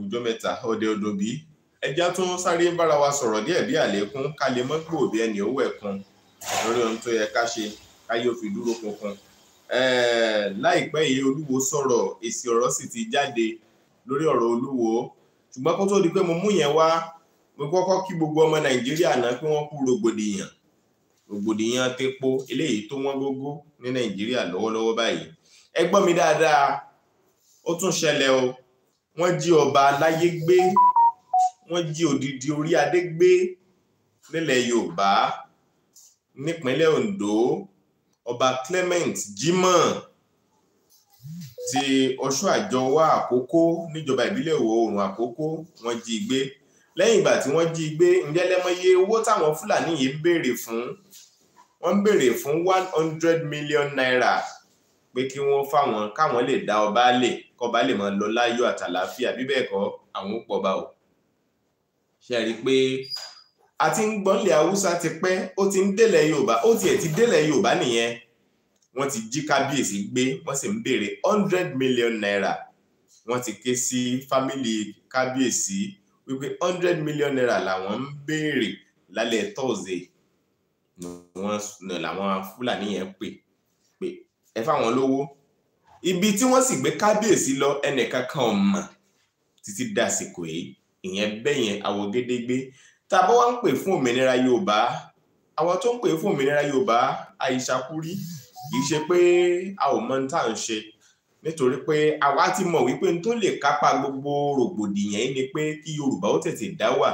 ọjọ́ mẹ́ta ọdẹ odò bí ẹja tó ń sáré ń bára wa sọ̀rọ̀ díẹ̀ bí àlékún ká lè mọ́ gbòòbí ẹni owó ẹ̀kún lórí ohun tó yẹ ká ṣe káyé òfin dúró kankan láìpẹ́ yìí olúwo sọ̀rọ̀ èsì ọ̀rọ̀ sì ti jáde lórí ọ̀rọ̀ olúwo ṣùgbọ́n kó tó di pé mo mú yẹn wá mo kọ́kọ́ kí gbogbo ọmọ nàìjíríà náà pé wọ́n kú rògbòdìyàn rògbòdìyàn tepo eléyìí tó wọ́n gógó ní nàìjíríà lọ́wọ́lọ́wọ́ báyìí ẹ gbọ́ mi dáadáa ó tún ṣẹlẹ̀ o wọ́n jí ọba aláyé gbé wọ́n jí odidi orí adé gbé nílẹ̀ yorùbá nípínlẹ̀ ondo ọba clement jimoh ti ọ̀ṣun àjọwá àkókò níjọba ìbílẹ̀ ìwọ̀ oòrùn àkókò wọ́n jí gbé lẹ́yìn ìgbà tí wọ́n jí gbé ǹjẹ́ lẹ́mọ̀ye owó táwọn fúlàní yìí ń béèrè fún wọ́n ń béèrè fún one hundred million naira pé kí wọ́n fáwọn káwọn lè dá ọba lè kọba lè máa lọ láyọ̀ àtàlàáfíà bí bẹ́ẹ̀ kọ́ àwọn ó pọba o ṣe rí i pé a ti ń gbọ́nlẹ̀ haúsá ti pẹ́ ó ti ń délẹ̀ yorùbá ó tiẹ̀ ti délẹ̀ yorùbá nìyẹn wọ́n ti jí kábíyèsí gbé wọ́n sì ń béèrè hundred million naira wọ́n ti ké sí fámìlì kábíyèsí wípé hundred million naira làwọn ń béèrè lálẹ́ tọ́sídẹ̀ẹ́ làwọn fúlàní yẹn pè ẹ fáwọn lówó ibi tí wọ́n sì gbé kábíyèsí lọ ẹnìkankan ò mọ̀ títí dàsìkò yìí ìyẹn bẹ́yẹn àwọ̀gedegbe tá a bá wá ń pè fún òmìnira yorùbá àwọn tó ń pè fún òmìnira yorùbá àìsàkúrí kì í ṣe pé a ò mọ tá ń ṣe nítorí pé àwa ti mọ̀ wípé n tó lè kápá gbogbo rògbòdìyàn yìí ni pé kí yorùbá ó tètè dá wà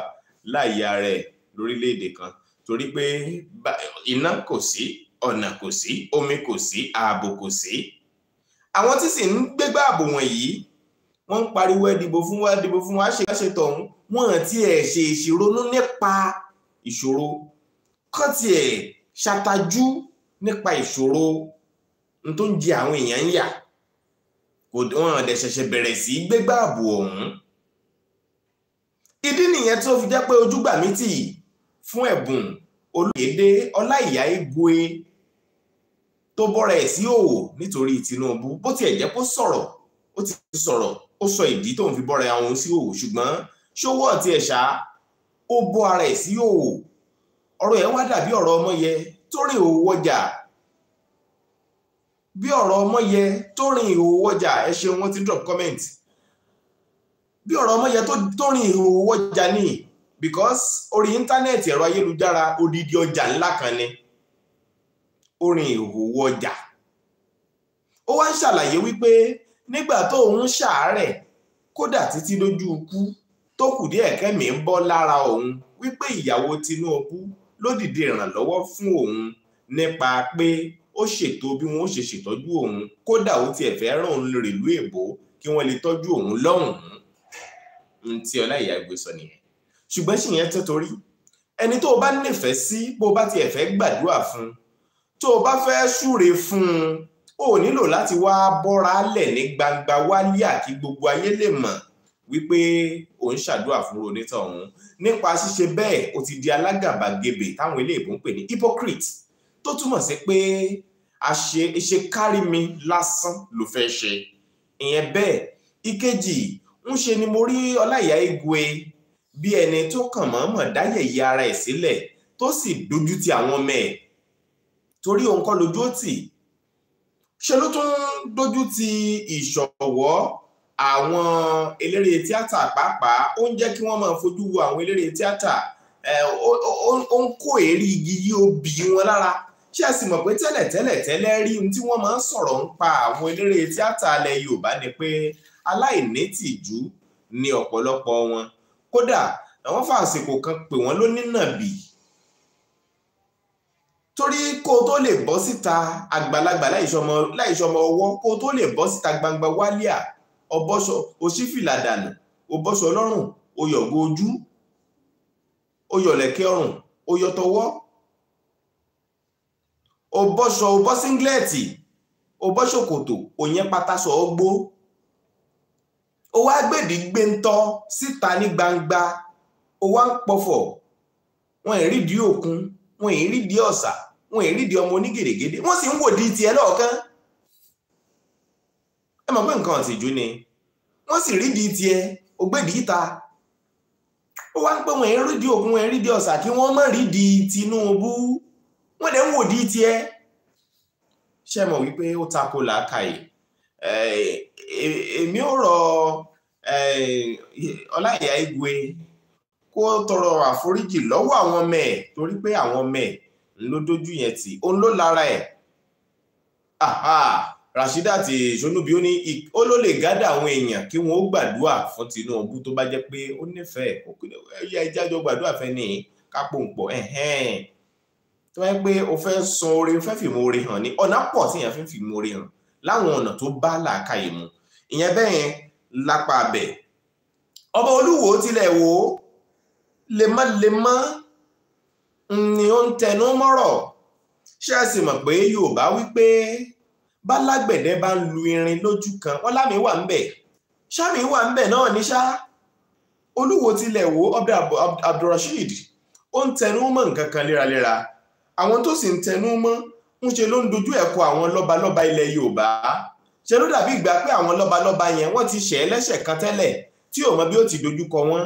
láàyè ara ẹ̀ lórílẹ̀ kan torí pé iná kò sí ọ̀nà kò sí omi kò sí ààbò kò sí àwọn tí sì ń gbégbá ààbò wọ̀nyí wọ́n ń pariwo ẹ dìbò fún wa dìbò fún wa ṣe ṣe tọ̀hún wọ́n ti ẹ̀ ṣe ìṣìronú nípa ìṣòro kán ti ẹ̀ ṣàtàjú nípa ìṣòro n tó ń jẹ àwọn èèyàn ń yà kò wọ́n dẹ̀ ṣẹ̀ṣẹ̀ bẹ̀rẹ̀ sí gbégbá ààbò ọ̀hún ìdí nìyẹn tó fi jẹ́ pé ojúgbà mi tì fún ẹ̀bùn olóyèdè ọláìyá igwe tó bọ́ra ẹ̀ sí òwò nítorí Tinubu bó tiẹ̀ jẹ́ kó sọ̀rọ̀ ó ti sọ̀rọ̀ ó sọ ìdí tóun fi bọ́ra àwọn sí òwò ṣùgbọ́n ṣówó ọ̀tí ẹ̀ ṣá ó bọ́ ara ẹ̀ sí òwò ọ̀rọ̀ ẹ̀ wá dàbí ọ̀rọ̀ ọmọ yẹ tó rìn òwò ọjà bí ọ̀rọ̀ ọmọ yẹ tó rìn òwò ọjà ẹ ṣeun wọ́n ti drop comment bí ọ̀rọ̀ ọmọ yẹ tó rìn òwò ọjà ni because orí íńtánẹ́ẹ̀tì ẹ̀rọ ayélujára odidi ọjà ńlá kan ni ó rin ìhòòhò ọjà ó wá ń ṣàlàyé wípé nígbà tó ń ṣàárẹ̀ kódà títí lójú ikú tó kù díẹ̀ kẹ́mi ń bọ́ lára òun wípé ìyàwó Tinubu ló dìde ìrànlọ́wọ́ fún òun nípa pé ó ṣètò bí wọn ó ṣe ṣètọ́jú òun kódà ó tiẹ̀ fẹ́ ràn òun lórí èbó kí wọ́n lè tọ́jú òun lọ́hùn-ún ntí ọlá ìyá ìgbé sọ nìyẹn ṣùgbọ́n ṣìyẹn tó torí ẹni tó o bá nífẹ̀ẹ́ sí bó o bá tiẹ̀ fẹ́ gbàdúrà fún tó o bá fẹ́ súre fún un ó nílò láti wá bọ́ra lẹ̀ ní gbangba wálíà kí gbogbo ayé lè mọ̀ wípé ò ń ṣàdúrà fún onítọ̀hún nípa ṣíṣe bẹ́ẹ̀ o ti di alágàbàgebè táwọn eléèbó ń pè ní hypocrite tó túmọ̀ sí pé àṣe ìṣe kárí mi lásán ló fẹ́ ṣe ìyẹn bẹ́ẹ̀ ìkejì ń ṣe ni mo rí ọláìyá igwe bí ẹni tó kàn mọ́mọ́ dáyẹ̀yẹ ara ẹ̀ sílẹ̀ tó sì dojú ti àwọn ọmọ ẹ̀ torí òun kọ́ lójú òtì ṣe ló tún dojú ti ìṣọ̀wọ́ àwọn eléré tíátà pàápàá ó ń jẹ́ kí wọ́n máa fojú wo àwọn eléré tíátà ó ń kó èrí igi yí obì wọn lára ṣé ẹ sì mọ̀ pé tẹ́lẹ̀ tẹ́lẹ̀ tẹ́lẹ̀ rí ohun tí wọ́n máa ń sọ̀rọ̀ ń pa àwọn eléré tíátà alẹ́ Yorùbá ni pé aláìnítìjú ni ọ̀pọ̀lọpọ̀ wọn kódà àwọn fàṣìkò kan pè wọ́n lónínàbì torí kó tó lè bọ́ síta àgbàlagbà láìsọmọ láìsọmọ ọwọ́ kó tó lè bọ́ síta gbangba wálíà ọbọ́sọ òṣìfìlà dànù ọbọ́sọ ọlọ́run oyọ̀gbọ ojú oyọ̀lẹ̀kẹ́ ọrùn oyọ̀tọwọ́ ọbọ́sọ ọbọ́síngílẹ̀tì ọbọ́sọkòtò òyìn pátásọ ọgbó ó wá gbèdí gbé ń tọ́ síta ní gbangba ó wá ń pọ̀fọ̀ wọn ìrídìí òkun wọn èrí di ọ̀sà wọn èrí di ọmọ onígèrègèdè wọ́n sì ń wò di tiẹ̀ lọ́ọ̀kan ẹ mọ̀ pé nǹkan ọ̀tìjú ni wọ́n sì rí di tiẹ̀ ògbédìí ìta ó wá ń pé wọn èrí di òkun wọn èrí di ọ̀sà kí wọ́n má rí di Tinubu wọ́n lè ń wò di tiẹ̀ ṣe mọ̀ wípé ó tako làákàyè èmi ò rọ Ọláìyá Igwe kó tọrọ àforíjì lọ́wọ́ àwọn ọmọ ẹ̀ torí pé àwọn ọmọ ẹ̀ ló dojú yẹn tì òun ló lára ẹ̀ Rasheedat Sonubi ó ní ó ló lè gádà àwọn èèyàn kí wọn ó gbàdúrà fún Tinubu tó bá jẹ pé ó nífẹ̀ẹ́ ẹyẹ ẹjájọ gbàdúrà fẹ́ ní kápòǹpọ̀ tó yẹ pé o fẹ́ san oore o fẹ́ fìmọ̀ oore hàn ní ọ̀nà pọ̀ tí èèyàn fi ń fìmọ̀ oore hàn láwọn ọ̀nà tó bá làákàyè mu ìyẹn bẹ́ẹ̀ lápá abẹ ọba olúwo tilẹ̀ wo lemọ́lemọ́ ni ó ń tẹnu mọ́rọ̀ ṣé ẹ sì mọ̀ pé yorùbá wípé bálágbẹ̀dẹ bá ń lu irin lójú kan wọ́n lámì wà ń bẹ̀ sámì wà ń bẹ̀ náà ní ṣá olúwo tilẹ̀ wo abdulrasheed ó ń tẹnu mọ́ nǹkan kan léraléra àwọn tó sì ń tẹnu mọ́ ń ṣe ló ń dojú ẹ̀kọ́ àwọn lọ́balọ́ba ilẹ̀ yorùbá ṣe ló dàbí ìgbà pé àwọn lọ́balọ́ba yẹn wọ́n ti ṣẹ̀ ẹ́ lẹ́sẹ̀ kan tẹ́lẹ̀ tí ò mọ bí ó ti dojúkọ wọ́n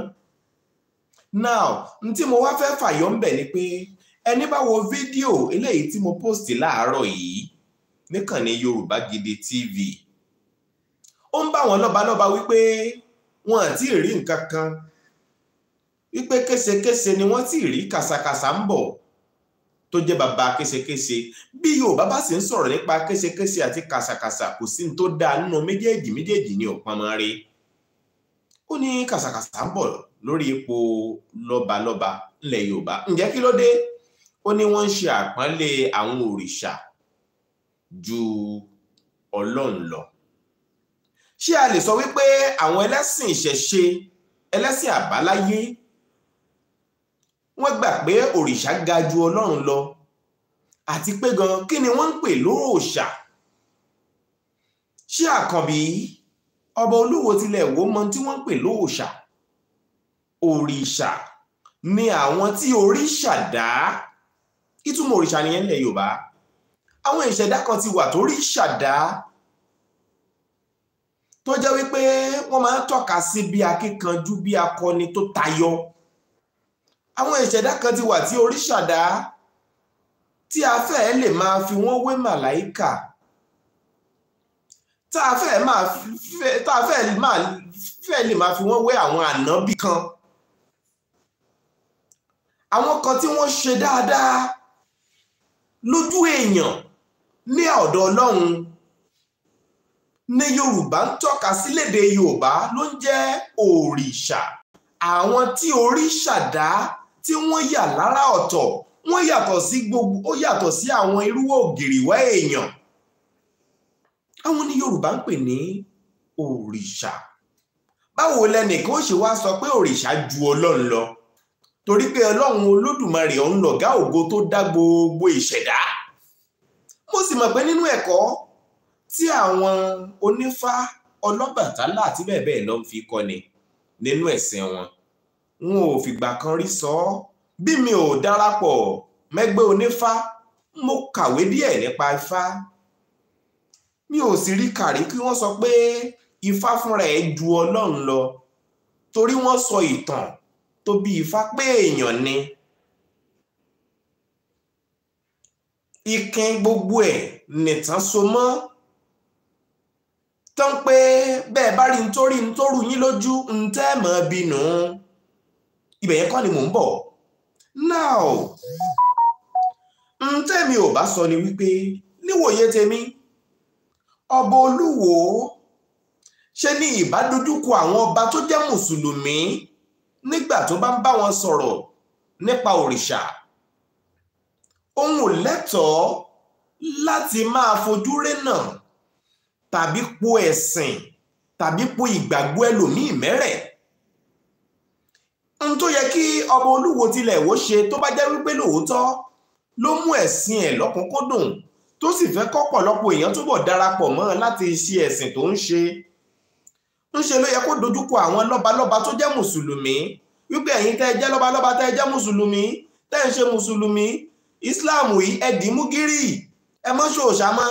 now n tí mo wá fẹ́ fàyọ ń bẹ̀ ni pé ẹni bá wo fídíò eléyìí tí mo post láàárọ̀ yìí níkànnì Yorùbá Gidi TV ó ń bá wọn lọ́balọ́ba wípé wọn àti rí nǹkan kan wípé késekése ni wọ́n ti rí kàsàkàsà ń bọ̀ tó jẹ́ bàbá késekése bí Yorùbá bá sì ń sọ̀rọ̀ nípa késekése àti kàsàkàsà kò sí ní tó dáa nínú méjèèjì méjèèjì ní ọ̀pọ̀n mọ́ rí ó ní kàsàkàsà ń bọ̀ lórí ipò lọ́balọ́ba ńlẹ̀ yorùbá ǹjẹ́ kí ló dé ó ní wọ́n ń ṣe àpọ́nlé àwọn òrìṣà ju ọlọ́run lọ ṣé a lè sọ wípé àwọn ẹlẹ́sìn ìṣẹ̀ṣe ẹlẹ́sìn àbáláyé wọ́n gbà pé òrìṣà ga ju ọlọ́run lọ àti pé gan kí ni wọ́n ń pè lóòṣà ṣé àkànbí ọba olúwo tilẹ̀ wò mọ tí wọ́n ń pè lóòṣà òrìṣà ni àwọn tí òrìṣà dá ìtumọ̀ òrìṣà nìyẹn nílẹ̀ Yorùbá àwọn ìṣẹ̀dá kan ti wà torí ìṣàdá tó jẹ́ wípé wọ́n máa ń tọ́ka sí bí akíkanjú bí akọni tó tayọ àwọn ìṣẹ̀dá kan ti wà tí oríṣàdá tí a fẹ́ lè máa fi wọ́n wé màláìkà tá a fẹ́ lè máa fi wọ́n wé àwọn ànábì kan àwọn kan tí wọ́n ṣe dáadáa lójú èèyàn ní ọ̀dọ̀ Ọlọ́run ní Yorùbá ń tọ́ka sílédè Yorùbá ló ń jẹ́ òrìṣà àwọn tí òrìṣà dá tí wọ́n yà lára ọ̀tọ̀ wọ́n yàtọ̀ sí gbogbo ó yàtọ̀ sí àwọn irú ògìrìwá èèyàn àwọn ní Yorùbá ń pè ní òrìṣà báwo lẹnìkan ó ṣe wá sọ pé òrìṣà ju Ọlọ́run lọ torí pé ọlọ́run olódùmarè ọ̀hún lọ̀gá ògo tó dá gbogbo ìṣẹ̀dá mo sì mọ̀ pé nínú ẹ̀kọ́ tí àwọn onífá ọlọ́bàtálá àti bẹ́ẹ̀ bẹ́ẹ̀ lọ fi kọ́ni nínú ẹ̀sìn wọn n ò fìgbà kan rí sọ ọ́ bí mi ò darapọ̀ mẹ́gbẹ́ onífá mo kàwé díẹ̀ nípa ifá mi ò sì rí kàrí kí wọ́n sọ pé ifá fúnra ẹ̀ ju ọlọ́run lọ torí wọ́n sọ ìtàn tó bí ifá pé èèyàn ni ikin gbogbo ẹ̀ nìtàn so mọ́ tán pé bẹ́ẹ̀ bá rí nítorí nítorú yín lójú ń bínú ibẹ̀ yẹn kọ́ ni mò ń bọ̀ now ń tẹ́mi ò bá sọ ni wípé níwòye tèmi ọba olúwo ṣe ni ìbádójúkọ àwọn ọba tó jẹ́ mùsùlùmí nígbà tó bá ń bá wọn sọ̀rọ̀ nípa òrìṣà òun ò lẹ́tọ̀ọ́ láti máa fojú rénà tàbí po ẹ̀sìn tàbí po ìgbàgbọ́ ẹlòmíì mẹ́rẹ̀ n tó yẹ kí ọba olúwo tilẹ̀ wò ṣe tó bá jẹ́ wípé lóòótọ́ ló mú ẹ̀sìn ẹ̀ lọ́kùnkúndùn tó sì fẹ́ kọ́pọ̀lọpọ̀ èèyàn túbọ̀ darapọ̀ mọ́ láti ṣe ẹ̀sìn tó ń ṣe ńṣe ló yẹ kó dojúkọ àwọn lọ́balọ́ba tó jẹ́ mùsùlùmí wípé ẹ̀yin tẹ́ ẹ jẹ́ lọ́balọ́ba tẹ́ ẹ jẹ́ mùsùlùmí tẹ́ ẹ ń ṣe mùsùlùmí islam yìí ẹ dì í mú gírì ẹ mọ́ ṣòòṣà mọ́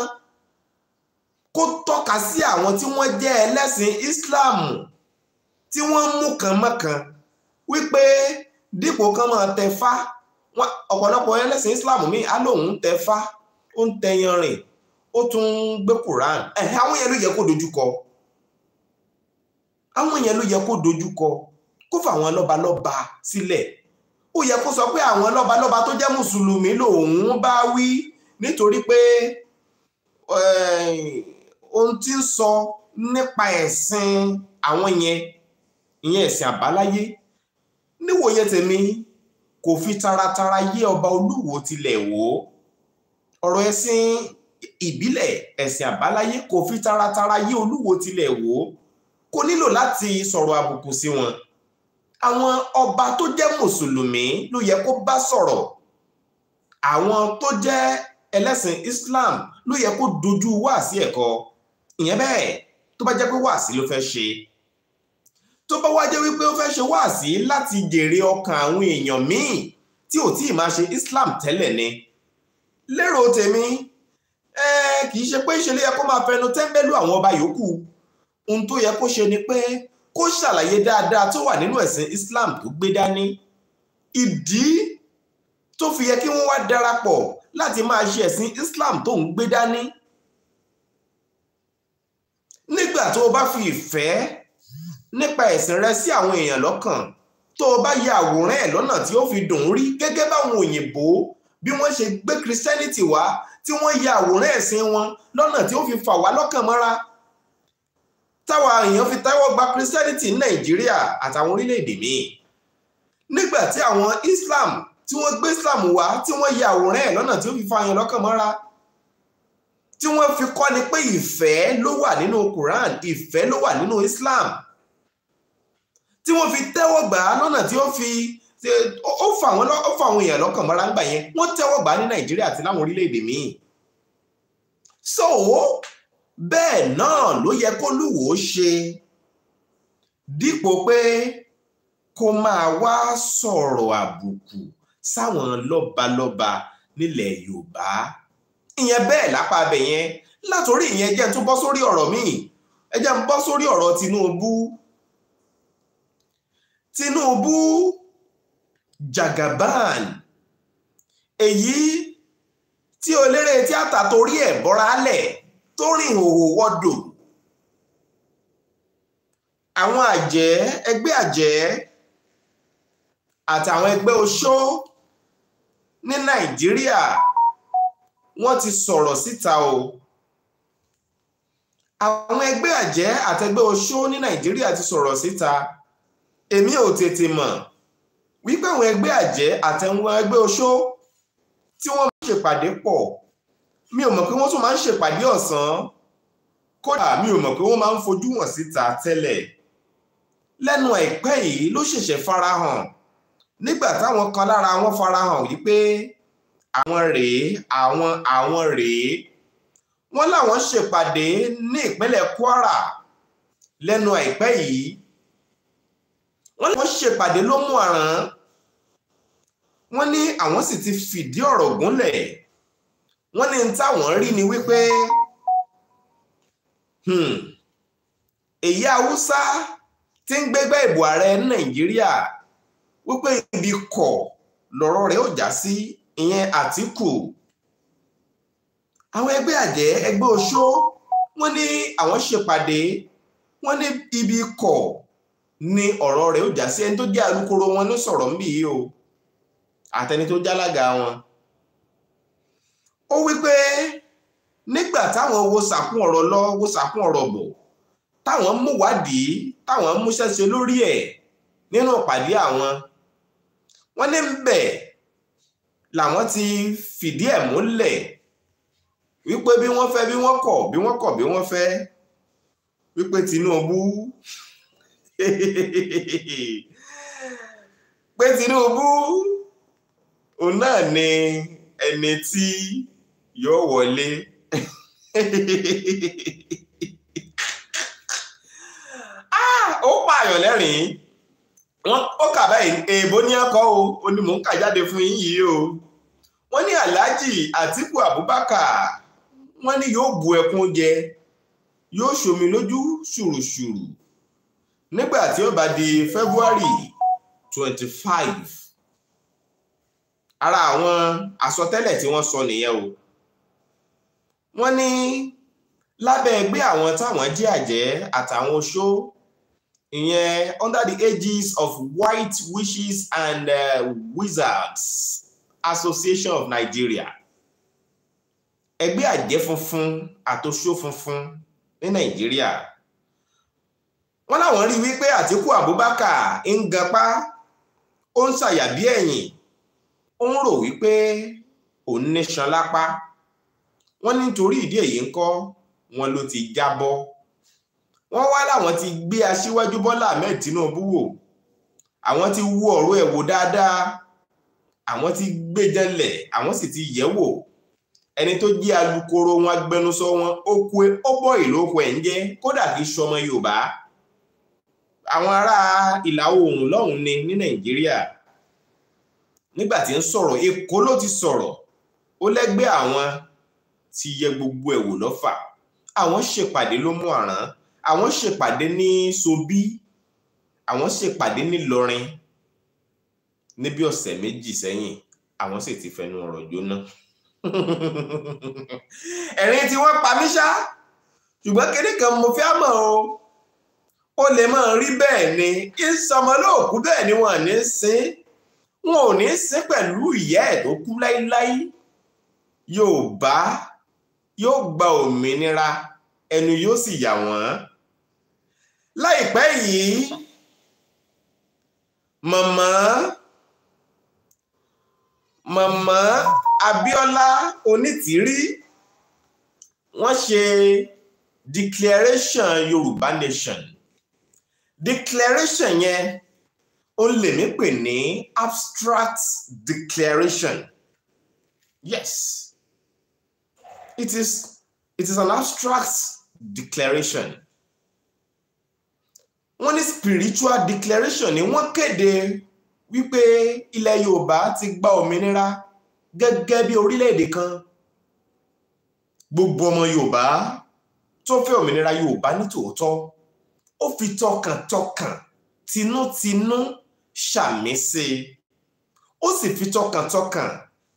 kó tọ́ka sí àwọn tí wọ́n jẹ́ ẹlẹ́sìn islam tí wọ́n mú kan mọ́kan wípé dípò kan máa tẹ fá ọ̀pọ̀lọpọ̀ ẹlẹ́sìn islam mi á lóun tẹ fá ó ń tẹ yanrìn ó tún gbé quran ẹ̀hẹ́ àwọn yẹn ló yẹ kó dojúkọ àwọn yẹn ló yẹ kó dojú kọ kó fà àwọn lọ́balọ́ba sílẹ̀ ó yẹ kó sọ pé àwọn lọ́balọ́ba tó jẹ́ mùsùlùmí lòun bá wí nítorí pé eh, ohun tí ń sọ nípa ẹ̀sìn àwọn yẹn ìyẹn ẹ̀sìn àbáláyé níwòye tèmi kò fi taratara yé ọba olúwo tilẹ̀ wò ó ọ̀rọ̀ ẹ̀sìn ìbílẹ̀ ẹ̀sìn àbáláyé kò fi taratara yé olúwo tilẹ̀ wò ó kò nílò láti sọ̀rọ̀ àbùkù sí wọn àwọn ọba tó jẹ́ mùsùlùmí ló yẹ kó bá sọ̀rọ̀ àwọn tó jẹ́ ẹlẹ́sìn Islam ló yẹ kó dojú wáàsí ẹ̀kọ́ ìyẹn bẹ́ẹ̀ tó bá jẹ́ pé wáàsí ló fẹ́ ṣe tó bá wá jẹ́ wípé ó fẹ́ ṣe wáàsí láti jèrè ọkàn àwọn èèyàn míì tí ò tí máa ṣe Islam tẹ́lẹ̀ ni lérò tèmi ẹ kì í ṣe pé ìṣẹ̀lẹ̀ yẹ kó máa fẹnu tẹ́ńbẹ́lú àwọn ọba yòókù ohun tó yẹ kó ṣe ni pé kó ṣàlàyé dáadáa tó wà nínú ẹ̀sìn Islam tó gbé dání ìdí tó fi yẹ kí wọ́n wá darapọ̀ láti máa ṣe ẹ̀sìn Islam tó ń gbé dání nígbà tó o bá fi ìfẹ́ nípa ẹ̀sìn rẹ sí àwọn èèyàn lọ́kàn tó o bá ya àwòrán ẹ̀ lọ́nà tí ó fi dùn rí gẹ́gẹ́ báwọn òyìnbó bí wọ́n ṣe gbé Christianity wá tí wọ́n ya àwòrán ẹ̀sìn wọn lọ́nà tí ó fi fà wá lọ́kàn mọ́ra táwa èèyàn fi táwọ́ gba christianity ní nàìjíríà àtàwọn orílẹ̀-èdè míì nígbà tí àwọn islam tí wọ́n gbé islam wá tí wọ́n ya àwòrán ẹ̀ lọ́nà tí ó fi fa àyàn lọ́kàn mọ́ra tí wọ́n fi kọ́ ni pé ìfẹ́ ló wà nínú quran ìfẹ́ ló wà nínú islam tí wọ́n fi tẹ́wọ́ gbà á lọ́nà tí ó fi ó fa àwọn ó fa àwọn èèyàn lọ́kàn mọ́ra ńgbà yẹn wọ́n tẹ́wọ́ gbà á ní nàìjíríà àti láwọn orílẹ̀-èdè míì so bẹ́ẹ̀ náà ló yẹ kólúwo ṣe dípò pé kó máa wá sọ̀rọ̀ àbùkù sáwọn lọ́balọ́ba nílẹ̀ Yorùbá ìyẹn bẹ́ẹ̀ lápá abẹ yẹn látòrí ìyẹn jẹ́ n tún bọ́ sórí ọ̀rọ̀ míì ẹ jẹ́ n bọ́ sórí ọ̀rọ̀ Tinubu Tinubu Jagaban èyí tí oléré tíátà torí ẹ̀ bọ́ra lẹ̀ tó rìn òhò wọ́dò àwọn àjẹ́ ẹgbẹ́ àjẹ́ àtàwọn ẹgbẹ́ oṣó ní nàìjíríà wọ́n ti sọ̀rọ̀ síta o àwọn ẹgbẹ́ àjẹ́ àtẹgbẹ́ oṣó ní nàìjíríà ti sọ̀rọ̀ síta èmi ò tètè mọ̀ wípé àwọn ẹgbẹ́ àjẹ́ àtẹwọn ẹgbẹ́ oṣó tí wọ́n ṣèpàdé pọ̀ mi ò mọ̀ pé wọ́n tún máa ń ṣèpàdé ọ̀sán kódà mi ò mọ̀ pé wọ́n máa ń fojú wọn síta tẹ́lẹ̀ lẹ́nu àìpẹ́ yìí ló ṣẹ̀ṣẹ̀ farahàn nígbà táwọn kan lára wọn farahàn wípé àwọn rèé àwọn àwọn rèé wọ́n láwọn ṣèpàdé ní ìpínlẹ̀ Kwara lẹ́nu àìpẹ́ yìí wọ́n láwọn ṣèpàdé ló mú àrán wọ́n ní àwọn sì ti fìdí ọ̀rọ̀ gúnlẹ̀ wọ́n ní táwọn rí ni wípé hmm, èyí haúsá tí ń gbégbá ìbò ààrẹ nàìjíríà wípé ibi kọ̀ lọ́rọ̀ rẹ̀ ó já sí ìyẹn àtìkù àwọn ẹgbẹ́ àjẹ́ ẹgbẹ́ oṣó wọ́n ní àwọn ṣèpàdé wọ́n ní ibi kọ̀ ni ọ̀rọ̀ rẹ̀ ó já sí ẹni tó jẹ́ alukoro wọn ló sọ̀rọ̀ ń bì yìí o àtẹni tó jálága wọn ó wípé nígbà táwọn wo sàkún ọ̀rọ̀ lọ wo sàkún ọ̀rọ̀ bọ̀ táwọn múwádìí táwọn múṣẹ́ ṣe lórí ẹ̀ nínú ìpàdé àwọn wọ́n ní bẹ̀ làwọn ti fìdí ẹ̀ múlẹ̀ wípé bí wọ́n fẹ́ bí wọ́n kọ̀ bí wọ́n kọ̀ bí wọ́n fẹ́ wípé Tinubu pé Tinubu òun náà ni ẹni tí yóò wọlé ah, ó pààyàn lẹ́rìn-ín wọ́n ó kà báyìí èèbó ní ẹ̀kọ́ o ó ní mò ń kà jáde fún yín yìí o wọ́n ní Alhaji Atiku Abubakar wọ́n ní yóò bu ẹkún jẹ yóò ṣomi lójú ṣùrùṣùrù nígbà tí ó bá di February twenty five ara àwọn àsọtẹ́lẹ̀ tí wọ́n sọ nìyẹn o wọ́n ní lábẹ́ ẹgbẹ́ àwọn táwọn jẹ́ àjẹ́ àtàwọn oṣó ìyẹn under the aegis of white Wishes and uh, wizards association of nigeria ẹgbẹ́ àjẹ́ funfun àtòṣó funfun ní nàìjíríà wọ́n láwọn rí wípé àtíkù abubakar ń gapá ó ń ṣàyà bí ẹ̀yìn ó ń rò wípé òun ní san wọ́n ní nítorí ìdí èyí ń kọ́ wọn ló ti jábọ́ wọ́n wá láwọn ti gbé aṣíwájú bọ́lá ahmed tinubu wò àwọn ti wo ọ̀rọ̀ ẹ̀ wò dáadáa àwọn ti gbé jẹ́lẹ̀ àwọn sì ti yẹ̀ wò ẹni tó jẹ́ alukoro wọn agbẹnusọ wọn ó kú ó bọ́ ìlú oko ẹ̀ ń jẹ́ kódà kì í ṣọmọ yorùbá àwọn ará ìlà oòrùn lọ́hùn ni ní nàìjíríà nígbà tí ń sọ̀rọ̀ èkó ló ti sọ̀rọ̀ ó lẹ́gbẹ́ àwọn ti yẹ gbogbo ẹ̀ wò lọ́fà àwọn ṣèpàdé ló mú àrán àwọn ṣèpàdé ní sobí àwọn ṣèpàdé nílọrin níbi ọ̀sẹ̀ méjì sẹ́yìn àwọn sì ti fẹnu ọ̀rọ̀ jóná ẹ̀rín tí wọ́n pa mí ṣá ṣùgbọ́n kéde kan mo fi mọ̀ o ó lè máa rí bẹ́ẹ̀ ni ìsọmọlóòkú bẹ́ẹ̀ ni wọ́n ní sin wọn ò ní sin pẹ̀lú ìyá ẹ̀ tó kú láíláí yóò bá yóò gba òmìnira ẹnu yóò sì yà wọ́n láìpẹ́ yìí màmá màmá Abíọ́lá Onítìrí wọ́n ṣe declaration Yorùbá nation declaration yẹn ó lè mí pè ní abstract declaration yes it is, it is an abstract declaration. Wọ́n ní spiritual declaration ni wọ́n kéde wípé ilẹ̀ Yorùbá ti gba òmìnira gẹ́gẹ́ bí orílẹ̀-èdè kan. Gbogbo ọmọ Yorùbá tó fẹ́ òmìnira Yorùbá ní tòótọ́ ó fi tọkàntọkàn tinútinú ṣàmì sí i ó sì fi tọkàntọkàn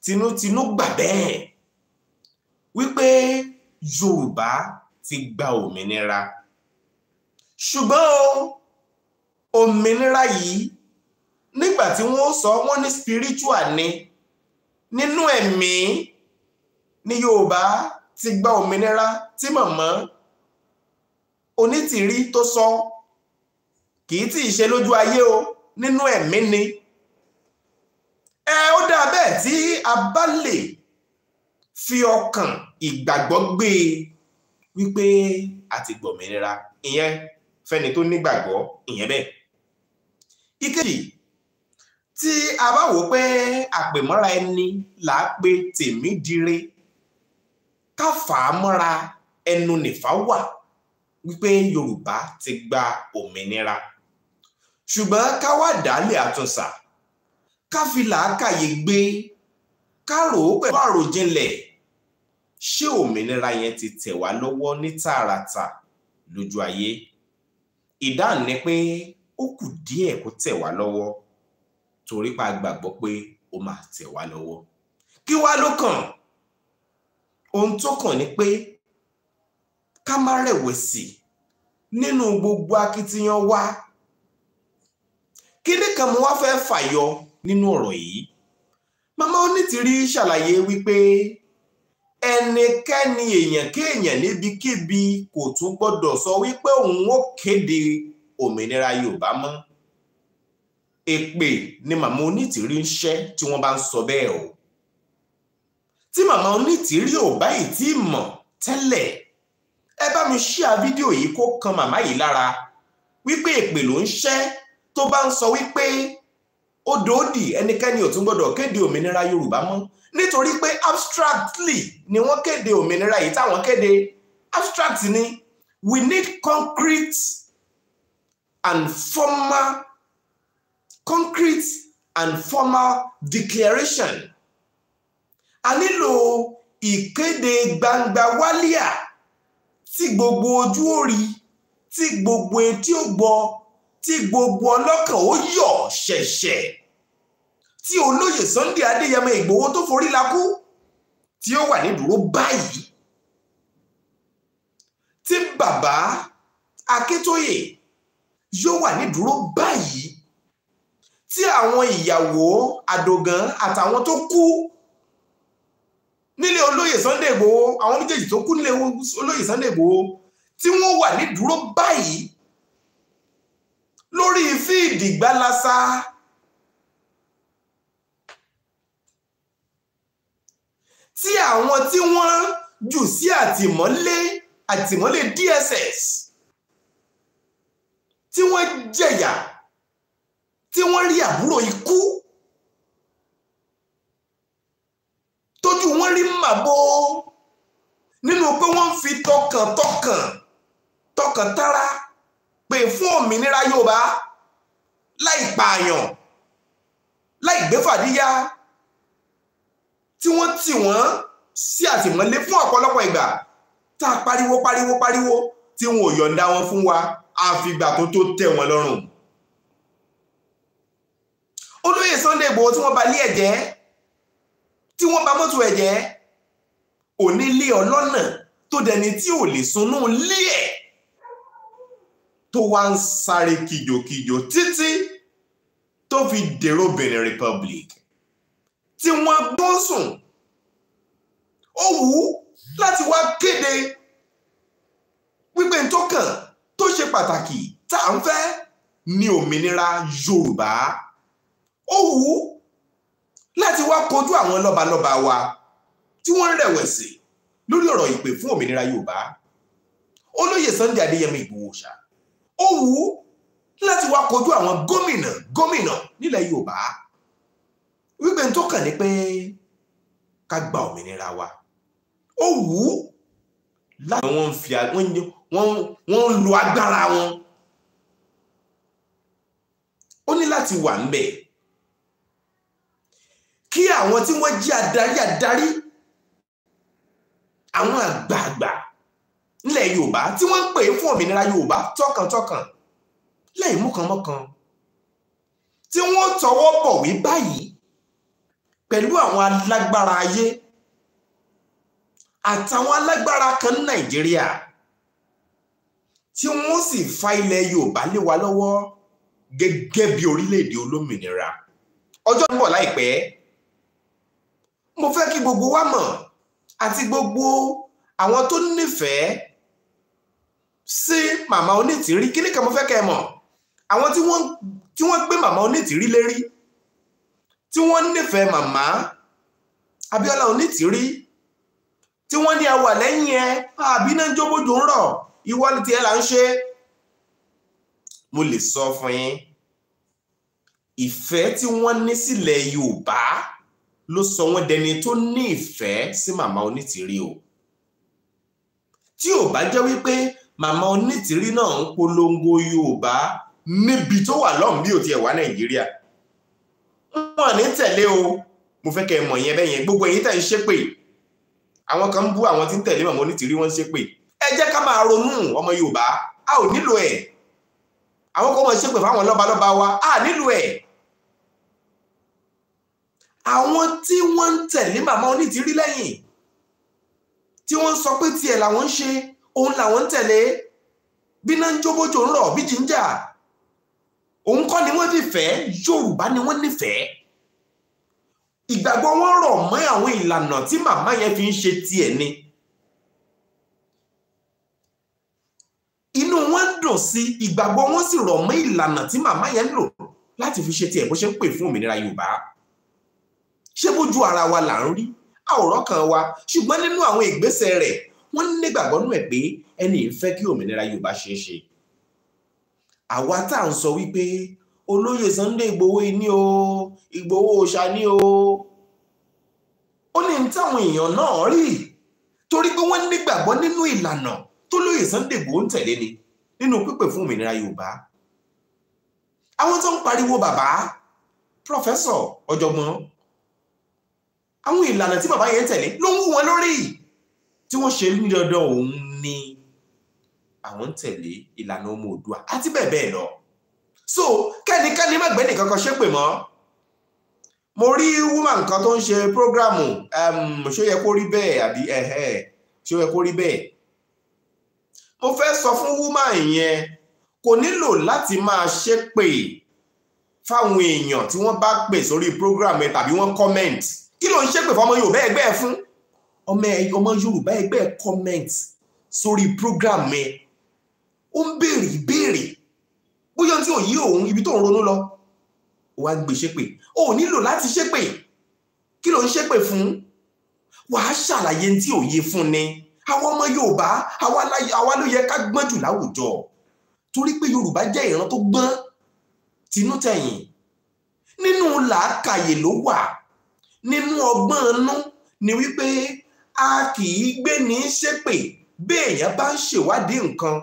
tinútinú gbà bẹ́ẹ̀ wípé Yorùbá ti gba òmìnira ṣùgbọ́n o òmìnira yìí nígbà tí wọ́n sọ wọ́n ní spiritual ni nínú ẹ̀mí ni Yorùbá ti gba òmìnira tí mọ̀mọ́ onítìrí tó sọ kì í tí ì ṣe lójú ayé o nínú ẹ̀mí ni ẹ ó dà bẹ́ẹ̀ tí a bá lè fi ọkàn ìgbàgbọ́ gbé e wípé a ti gbòmìnira ìyẹn fẹ́ni tó nígbàgbọ́ ìyẹn bẹ́ẹ̀. ìkejì tí a bá wò pé àpèmọ́ra ẹni là á pe tèmi dire ká fà á mọ́ra ẹnu nìfà wà wípé Yorùbá ti gba òmìnira ṣùgbọ́n ká wá dálẹ̀ àtúnṣà ká fi làákàyè gbé ká rò ó pẹ̀lú àròjinlẹ̀ ṣé òmìnira yẹn ti tẹ̀ wá lọ́wọ́ ní tààràtà lójú ayé ìdáhùn ni pé ó kù díẹ̀ kó tẹ̀ wá lọ́wọ́ torí pa gbàgbọ́ pé ó máa tẹ̀ wá lọ́wọ́ kí wá ló kàn ohun tó kàn ni pé ká má rẹ̀wẹ̀sì nínú gbogbo akitiyan wa kí ni kan mo wá fẹ́ fàyọ nínú ọ̀rọ̀ yìí màmá onítìrí ṣàlàyé wípé ẹnikẹ́ni èèyàn kéèyàn níbikíbi kò tún gbọ́dọ̀ sọ wípé òun ó kéde òmìnira Yorùbá mọ́ èpè ni màmá onítìrí ń ṣẹ́ tí wọ́n bá ń sọ bẹ́ẹ̀ o tí màmá onítìrí ò báyìí tí mọ̀ tẹ́lẹ̀ ẹ bá mi ṣíà fídíò yìí kó kan màmá yìí lára wípé èpè ló ń ṣẹ́ tó bá ń sọ wípé ó dòódì ẹnikẹ́ni ò tún gbọ́dọ̀ kéde òmìnira Yorùbá mọ́ nítorí pé abstractly ni wọ́n kéde òmìnira yìí táwọn kéde abstract ni we need concrete and formal concrete and formal declaration a nílò ìkéde gbangba wálíà tí gbogbo ojú ó rí tí gbogbo etí ó gbọ́ tí gbogbo ọlọ́kàn ó yọ̀ ṣẹ̀ṣẹ̀ tí olóyè Sunday Adéyẹmọ Ìgbòho tó forí lakú tí ó wà nídùúró báyìí tí bàbá Akíntóyè yóò wà nídùúró báyìí tí àwọn ìyàwó àdògán àtàwọn tó kú nílé olóyè Sunday Ìgbòho àwọn méjèèjì tó kú nílé olóyè Sunday Ìgbòho tí wọ́n wà nídùúró báyìí lórí fíìdì gbálásá tí àwọn tí wọ́n jù sí àtìmọ́lé àtìmọ́lé DSS tí wọ́n jẹ̀yà tí wọ́n rí àbúrò ikú tójú wọ́n rí màbo nínú pé wọ́n fi tọkàntọkàn tọkàntara pè fún òmìnira Yorùbá láì pààyàn láì gbé fàdíyà tí wọ́n tì wọ́n sí àtìmọ́lé fún ọ̀pọ̀lọpọ̀ ìgbà tá a pariwo pariwo pariwo tí wọn ò yọ̀ǹda wọn fún wa àfìgbà tó tó tẹ̀ wọ́n lọ́rùn. olóyè Sunday Igboho tí wọ́n ba lé ẹ̀jẹ̀ tí wọ́n ba mọ́tò ẹ̀jẹ̀ onílé ọlọ́nà tó dẹni tí ò lè sunú lé ẹ̀ tó wá ń sáré kìjòkìjò títí tó fi dèrò Benin Republic tí wọ́n gbọ́n sùn ó wù ú láti wá kéde wípé tó kàn tó ṣe pàtàkì tá à ń fẹ́ ní òmìnira Yorùbá ó wù ú láti wá kojú àwọn lọ́balọ́ba wa tí wọ́n ń rẹ̀wẹ̀sì lórí ọ̀rọ̀ ìpè fún òmìnira Yorùbá olóyè Sunday Adéyẹmí Ìgbòho ó wù ú láti wá kojú àwọn gómìnà gómìnà nílẹ̀ Yorùbá wípé n tó kàn ní pé ká gba òmìnira wa ó wù ú láti wọ́n fi wọ́n lo agbára wọn ó ní láti wà ń bẹ̀ kí àwọn tí wọ́n jí adarí adarí àwọn àgbààgbà nílẹ̀ Yorùbá tí wọ́n ń pè é fún òmìnira Yorùbá tọkàntọkàn lẹ́yìn mú kan mọ́kan tí wọ́n tọwọ́ bọ̀ wí báyìí pẹ̀lú àwọn alágbára ayé àtàwọn alágbára kan ní nàìjíríà tí wọ́n sì fa ilẹ̀ yorùbá lé wa lọ́wọ́ gẹ́gẹ́ bí orílẹ̀-èdè olómìnira ọjọ́ ń bọ̀ láìpẹ́ mo fẹ́ kí gbogbo wa mọ̀ àti gbogbo àwọn tó nífẹ̀ẹ́ sí màmá onítìrí kí ni kan mo fẹ́ kẹ́ ẹ mọ̀ àwọn tí wọ́n gbé màmá onítìrí lérí tí wọ́n nífẹ̀ẹ́ màmá Abíọ́lá Onítìrí tí wọ́n ní a wà lẹ́yìn ẹ àbí náà jóbójú ń rọ̀ ìwọ ni tiẹ̀ là ń ṣe mo lè sọ fún yín ìfẹ́ tí wọ́n ní sílẹ̀ Yorùbá ló sọ wọ́n dẹni tó ní ìfẹ́ sí màmá Onítìrí o tí ò bá jẹ́ wípé màmá Onítìrí náà ń polongo Yorùbá níbi tó wà lọ́hùn-ún bí ò tiẹ̀ wá Nàìjíríà mọ̀ ní tẹ̀lé o mo fẹ́ kẹ́ ẹ mọ̀ yẹn bẹ́ẹ̀ yẹn gbogbo ẹ̀yin tẹ̀ ń ṣépè àwọn kan ń bú àwọn tí ń tẹ̀lé Màmá Onítìrí wọ́n ń ṣépè ẹ jẹ́ ká máa ronú ọmọ Yorùbá a ò nílò ẹ̀ àwọn kan máa ṣépè fáwọn lọ́balọ́ba wa a nílò ẹ̀ àwọn tí wọ́n ń tẹ̀lé Màmá Onítìrí lẹ́yìn tí wọ́n sọ pé tiẹ̀ làwọn ń ṣe òun làwọn ń tẹ̀lé bí náà ń jóbójò ń rọ̀ bí jíjà òun kọ́ ni wọ́n fi fẹ́ Yorùbá ni wọ́n nífẹ̀ẹ́ ìgbàgbọ́ wọn rọ̀ mọ́ àwọn ìlànà tí màmá yẹn fi ń ṣe tiẹ̀ ni inú wọn ń dùn sí ìgbàgbọ́ wọn sì rọ̀ mọ́ ìlànà tí màmá yẹn ń lò láti fi ṣe tiẹ̀ bó ṣe ń pè fún òmìnira Yorùbá ṣé bójú ara wa là ń rí àwòrán kan wa ṣùgbọ́n nínú àwọn ìgbésẹ̀ rẹ̀ wọ́n nígbàgbọ́ nù ẹ̀ pé ẹni ìfẹ́ kí òmìnira Yorùbá ṣeé ṣe àwa tá à ń sọ wípé olóyè Sunday Ìgbòho ní o Ìgbòho òòṣà ní o ó ní ní táwọn èèyàn náà rí torí pé wọ́n nígbàgbọ́ nínú ìlànà tó lóyè Sunday Ìgbòho ń tẹ̀lé ni nínú pípè fún òmìnira Yorùbá àwọn tó ń pariwo bàbá pọfẹsọ ọ̀jọ̀gbọ́n àwọn ìlànà tí bàbá yẹn tẹ̀lé ló ń wú wọn lórí tí wọ́n ṣe ní dandan òun ni àwọn ń tẹ̀lé ìlànà ọmọ Oòduà àti bẹ́ẹ̀ bẹ́ẹ̀ lọ. No so kẹ́nikẹ́ni má gbẹ́ni kankan ṣépè mọ́ mo rí woman kan tó ń ṣe programu ṣó yẹ kó rí bẹ́ẹ̀ àbí ṣó yẹ kó rí bẹ́ẹ̀ mo fẹ́ sọ fún woman yẹn kò nílò láti máa ṣépè fáwọn èèyàn tí wọ́n bá pè sórí program ẹ tàbí wọ́n comment kí ló ń ṣépè fọmọ yorùbá ẹgbẹ́ ẹ fún ọmọ yorùbá ẹgbẹ́ comment sórí program ẹ ó ń béèrè ìbéèrè bóyá tí ò yí òun ibi tó ń ronú lọ wà ń gbé ṣépè o ò nílò láti ṣépè kí ló ń ṣépè fún wàá ṣàlàyé tí ò yé fún ni àwọn ọmọ Yorùbá àwa ló yẹ ká gbọ́n jù láwùjọ torí pé Yorùbá jẹ́ ìran tó gbọ́n tinútẹ̀yìn nínú làákàyè ló wà nínú ọgbọ́n inú ni wípé a kì í gbé ní ṣépè béèyàn bá ń ṣèwádìí nǹkan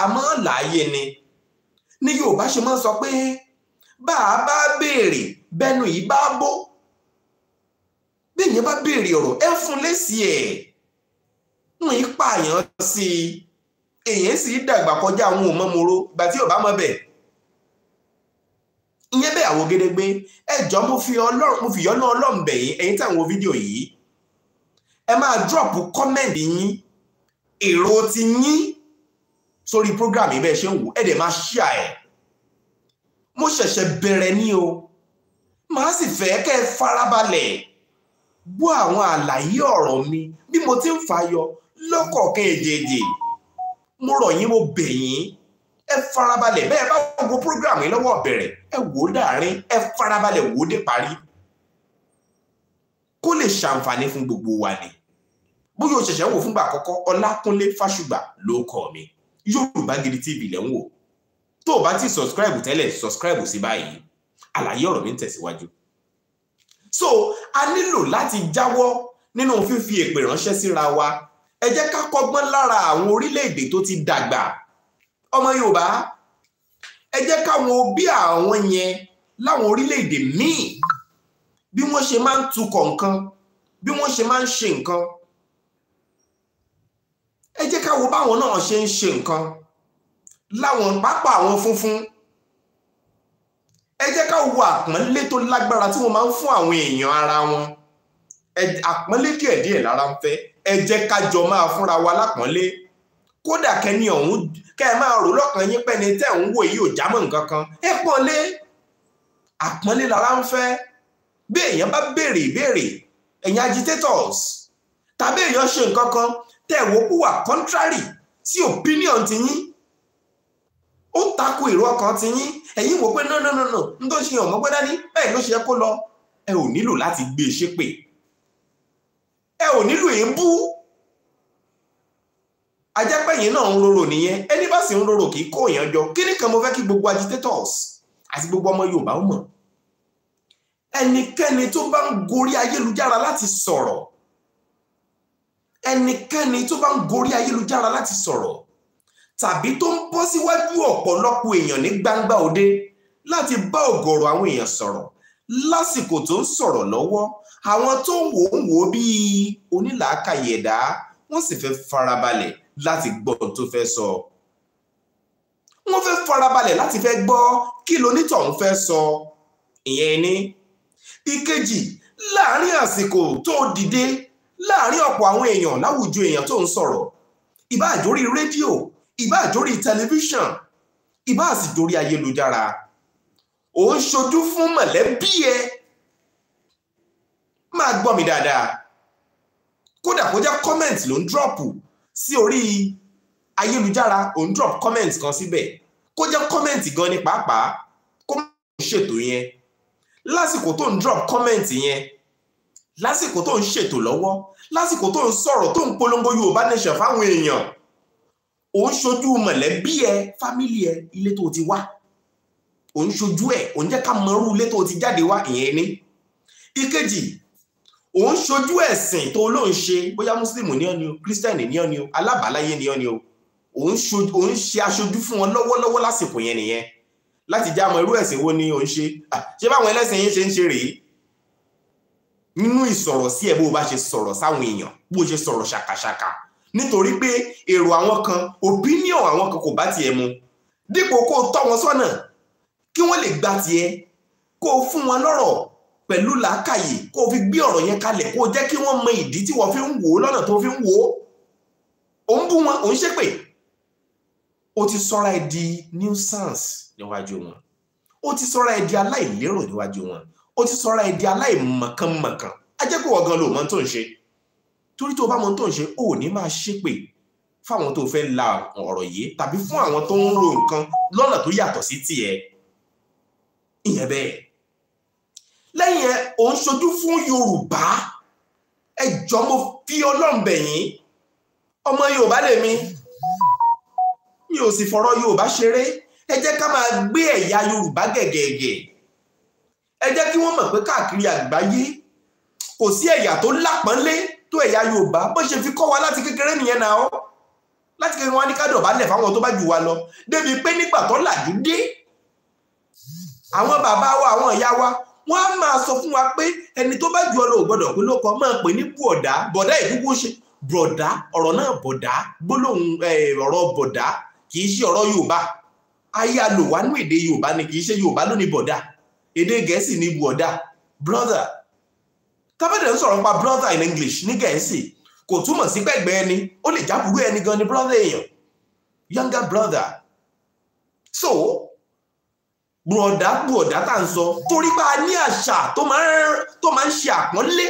àmọ́ láàyè ni ní Yorùbá ṣe máa ń sọ pé bá a bá béèrè bẹnu yìí bá bó bẹ́ẹ̀ bá béèrè ọ̀rọ̀ ẹ fún lésì ẹ̀ ń pààyàn sí i èèyàn sì dàgbà kọjá àwọn òmọmọro ìgbà tí Yorùbá mọ bẹ́ẹ̀ ìyẹn bẹ́ẹ̀ àwọn gédégbé ẹjọ́ mo fi ọlọ́run mo ọlọ́run bẹ̀ yín ẹ̀yin tí fídíò yìí ẹ máa drop comment yín èrò ti yín sórí program yìí bẹ́ẹ̀ ṣe ń wò ẹ̀ dẹ̀ máa ṣíà ẹ̀ mo ṣẹ̀ṣẹ̀ bẹ̀rẹ̀ ní o màá sì fẹ́ kẹ́ ẹ farabalẹ̀ gbọ́ àwọn àlàyé ọ̀rọ̀ mi bí mo ti ń fàyọ lọ́kọ̀ọ̀kan èjèèjì mo rọ̀ yín mo bẹ̀ yín ẹ farabalẹ̀ bẹ́ẹ̀ bá wo program yìí lọ́wọ́ bẹ̀rẹ̀ ẹ wò ó dàárín ẹ farabalẹ̀ wò ó dé parí kó lè ṣàǹfààní fún gbogbo wa ni bóyá o ṣẹ̀ṣẹ̀ wò fúngbà àkọ́kọ́ Ọlákúnlé Fásùgbà ló kọ́ mi. Yorùbá Gidi TV lẹ̀ ń wò tó o bá ti subscribe tẹ́lẹ̀ subscribe sí báyìí àlàyé ọ̀rọ̀ mi ń tẹ̀síwájú so a nílò láti jáwọ́ nínú fífi èpè ránṣẹ́ síra wa ẹ jẹ́ ká kọ́gbọ́n lára àwọn orílẹ̀-èdè tó ti dàgbà ọmọ Yorùbá ẹ jẹ́ káwọn bí àwọn yẹn láwọn orílẹ̀-èdè míì bí wọ́n ṣe máa ń tukọ̀ nǹkan bí wọ́n ṣe máa ń ṣe nǹkan ẹ jẹ́ ká wo báwọn náà ṣe ń ṣe nǹkan láwọn pápá àwọn funfun ẹ jẹ́ ká wo àpọ́nlé tó lágbára tí wọ́n máa ń fún àwọn èèyàn ara wọn àpọ́nlé díẹ̀ díẹ̀ lára ń fẹ́ ẹ jẹ́ ká jọ máa fúnra wa lápọ́nlé kódà kẹni ọ̀hún kẹ́ ẹ máa rò lọ́kàn yín pẹ́ni tẹ́ ń wò yìí ò jámọ́ nǹkan kan ẹ pọ́nlé àpọ́nlé lára ń fẹ́ bí èèyàn bá béèrè ìbéèrè ẹ̀yin agitators tàbí èèyàn ṣe nǹkan kan tẹ̀wọ́ kú wà contrary sí opinion ti yín ó tako èrò ọkàn ti yín ẹ̀yin wò pé no no no no n tó ṣe yàn mọ́ pé dání bẹ́ẹ̀ ló ṣe kó lọ ẹ ò nílò láti gbé e ṣépè ẹ ò nílò èébú ajẹ́pẹ̀yìn náà ń rorò nìyẹn ẹni bá sì ń rorò kì í kó èèyàn jọ kí nìkan mo fẹ́ kí gbogbo agitators àti gbogbo ọmọ Yorùbá ó mọ̀ ẹnikẹ́ni tó bá ń gorí ayélujára láti sọ̀rọ̀ ẹnikẹ́ni tó bá ń gorí ayélujára láti sọ̀rọ̀ tàbí tó ń bọ́ síwájú ọ̀pọ̀lọpọ̀ èèyàn ní gbangba òde láti bá ọ̀gọ̀rọ̀ àwọn èèyàn sọ̀rọ̀ lásìkò tó ń sọ̀rọ̀ lọ́wọ́ àwọn tó ń wò ó wò ó bíi onílàákàyè ẹ̀dá wọ́n sì fẹ́ farabalẹ̀ láti gbọ́ tó fẹ́ sọ. wọ́n fẹ́ farabalẹ̀ láti fẹ́ gbọ́ kí lonítọ̀hún fẹ́ sọ ìyẹn ni. ìkejì láàárín àsìkò tó dìde láàárín ọ̀pọ̀ àwọn èèyàn láwùjọ èèyàn tó ń sọ̀rọ̀ ìbá àjórí rédíò ìbá àjórí tẹlifíṣàn ìbá àsìjórí ayélujára ò ń ṣojú fún mọ̀lẹ́bí ẹ máa gbọ́ mi dáadáa kódà kó jẹ́ comment ló ń dírọ̀pù sí orí ayélujára ò ń drop comment kan síbẹ̀ kó jẹ́ comment gan ni pàápàá kó má ṣètò yẹn lásìkò tó ń drop comment yẹn lásìkò tó ń ṣètò lọ́wọ́ lásìkò tó ń sọ̀rọ̀ tó ń polongo Yorùbá nation fáwọn èèyàn ò ń ṣojú mọ̀lẹ́bí ẹ fámìlì ẹ ilé tó ti wá ò ń ṣojú ẹ ò ń jẹ́ ká mọrú ilé tó ti jáde wá ìyẹn ni ìkejì ò ń ṣojú ẹ̀sìn tó ló ń ṣe bóyá muslim ni ọ́ ni o christian ni ọ́ ni o alábàáláyé ni ọ́ ni o ò ń ṣe aṣojú fún wọn lọ́wọ́lọ́wọ́ lásìkò yẹn nìyẹn láti já mọ irú ẹ̀sìn wo ni ò ń ṣe ṣé báwọn ẹlẹ́sìn yín ṣe ń ṣe rèé nínú ìsọ̀rọ̀ sí ẹ̀ bó o bá ṣe sọ̀rọ̀ sáwọn èèyàn bó o ṣe sọ̀rọ̀ ṣàkàṣàkà nítorí pé èrò àwọn kan opinion àwọn kan kò bá tiẹ̀ mu dípò kó o tọ́ wọn sọ́nà kí wọ́n lè gba tiẹ̀ kó o fún wọn lọ́rọ̀ pẹ̀lú làákàyè kó o fi gbé ọ̀rọ̀ yẹn kalẹ̀ kó jẹ́ kí wọ́n mọ ìdí tí wọ́n fi ń wò ó lọ́nà tó fi ń wò ó ò ń bú wọn ò ń ṣépè o ti sọra ẹ di nuisance níwájú wọn o ti sọra ẹ di aláìlérò níwájú wọn ó ti sọra ẹ̀ di aláìmọ̀kànmọ̀kàn á jẹ́ kó wọ́n gan ló mọ tó ń ṣe torí tó bá mọ tó ń ṣe ò ní máa ṣépè fáwọn tó fẹ́ la ọ̀rọ̀ yìí tàbí fún àwọn tó ń ro nǹkan lọ́nà tó yàtọ̀ sí tiẹ̀ ìyẹn bẹ́ẹ̀ lẹ́yìn ẹ̀ ò ń ṣojú fún Yorùbá ẹ jọ mo fi Ọlọ́run bẹ̀ yín ọmọ Yorùbá lèmi mi ò sì fọ̀rọ̀ Yorùbá ṣeré ẹ jẹ́ ká máa gbé ẹ̀yà Yorùbá gẹ̀gẹ̀gẹ̀ ẹ jẹ́ kí wọ́n mọ̀ pé káàkiri àgbáyé kò sí ẹ̀yà tó lápọ́nlé tó ẹ̀yà Yorùbá bó ṣe fi kọ́ wa láti kékeré nìyẹn náà ọ́ láti kékeré wọn ní ká dọ̀bálẹ̀ fáwọn tó bá jù wá lọ débi pé nígbà tó làjú dé àwọn bàbá wa àwọn ìyá wa wọ́n á máa sọ fún wa pé ẹni tó bá jù ọ lọ ò gbọ́dọ̀ pé ló kọ máa pè ní bùọ̀dá bọ̀dá ìdúgbò ṣe bùrọ̀dá ọ̀rọ̀ náà bọ̀dá gbólóhùn eh, ọ̀rọ̀ bọ̀dá kì í ṣe ọ̀rọ̀ Yorùbá ayé alòwánú èdè Yorùbá ni kì í ṣe Yorùbá ló bọ̀dá èdè gẹ̀ẹ́sì ní bùọ̀dà brother tábàdàn ń sọ̀rọ̀ nípa brother in english ní gẹ̀ẹ́sì kò túmọ̀ sí pẹ̀gbẹ́ ẹni ó lè jábùrú ẹni gan ni brother èèyàn younger brother so bùọ̀dà bùọ̀dà tá à ń sọ torí pé a ní àṣà tó máa ń ṣe àpọ́nlé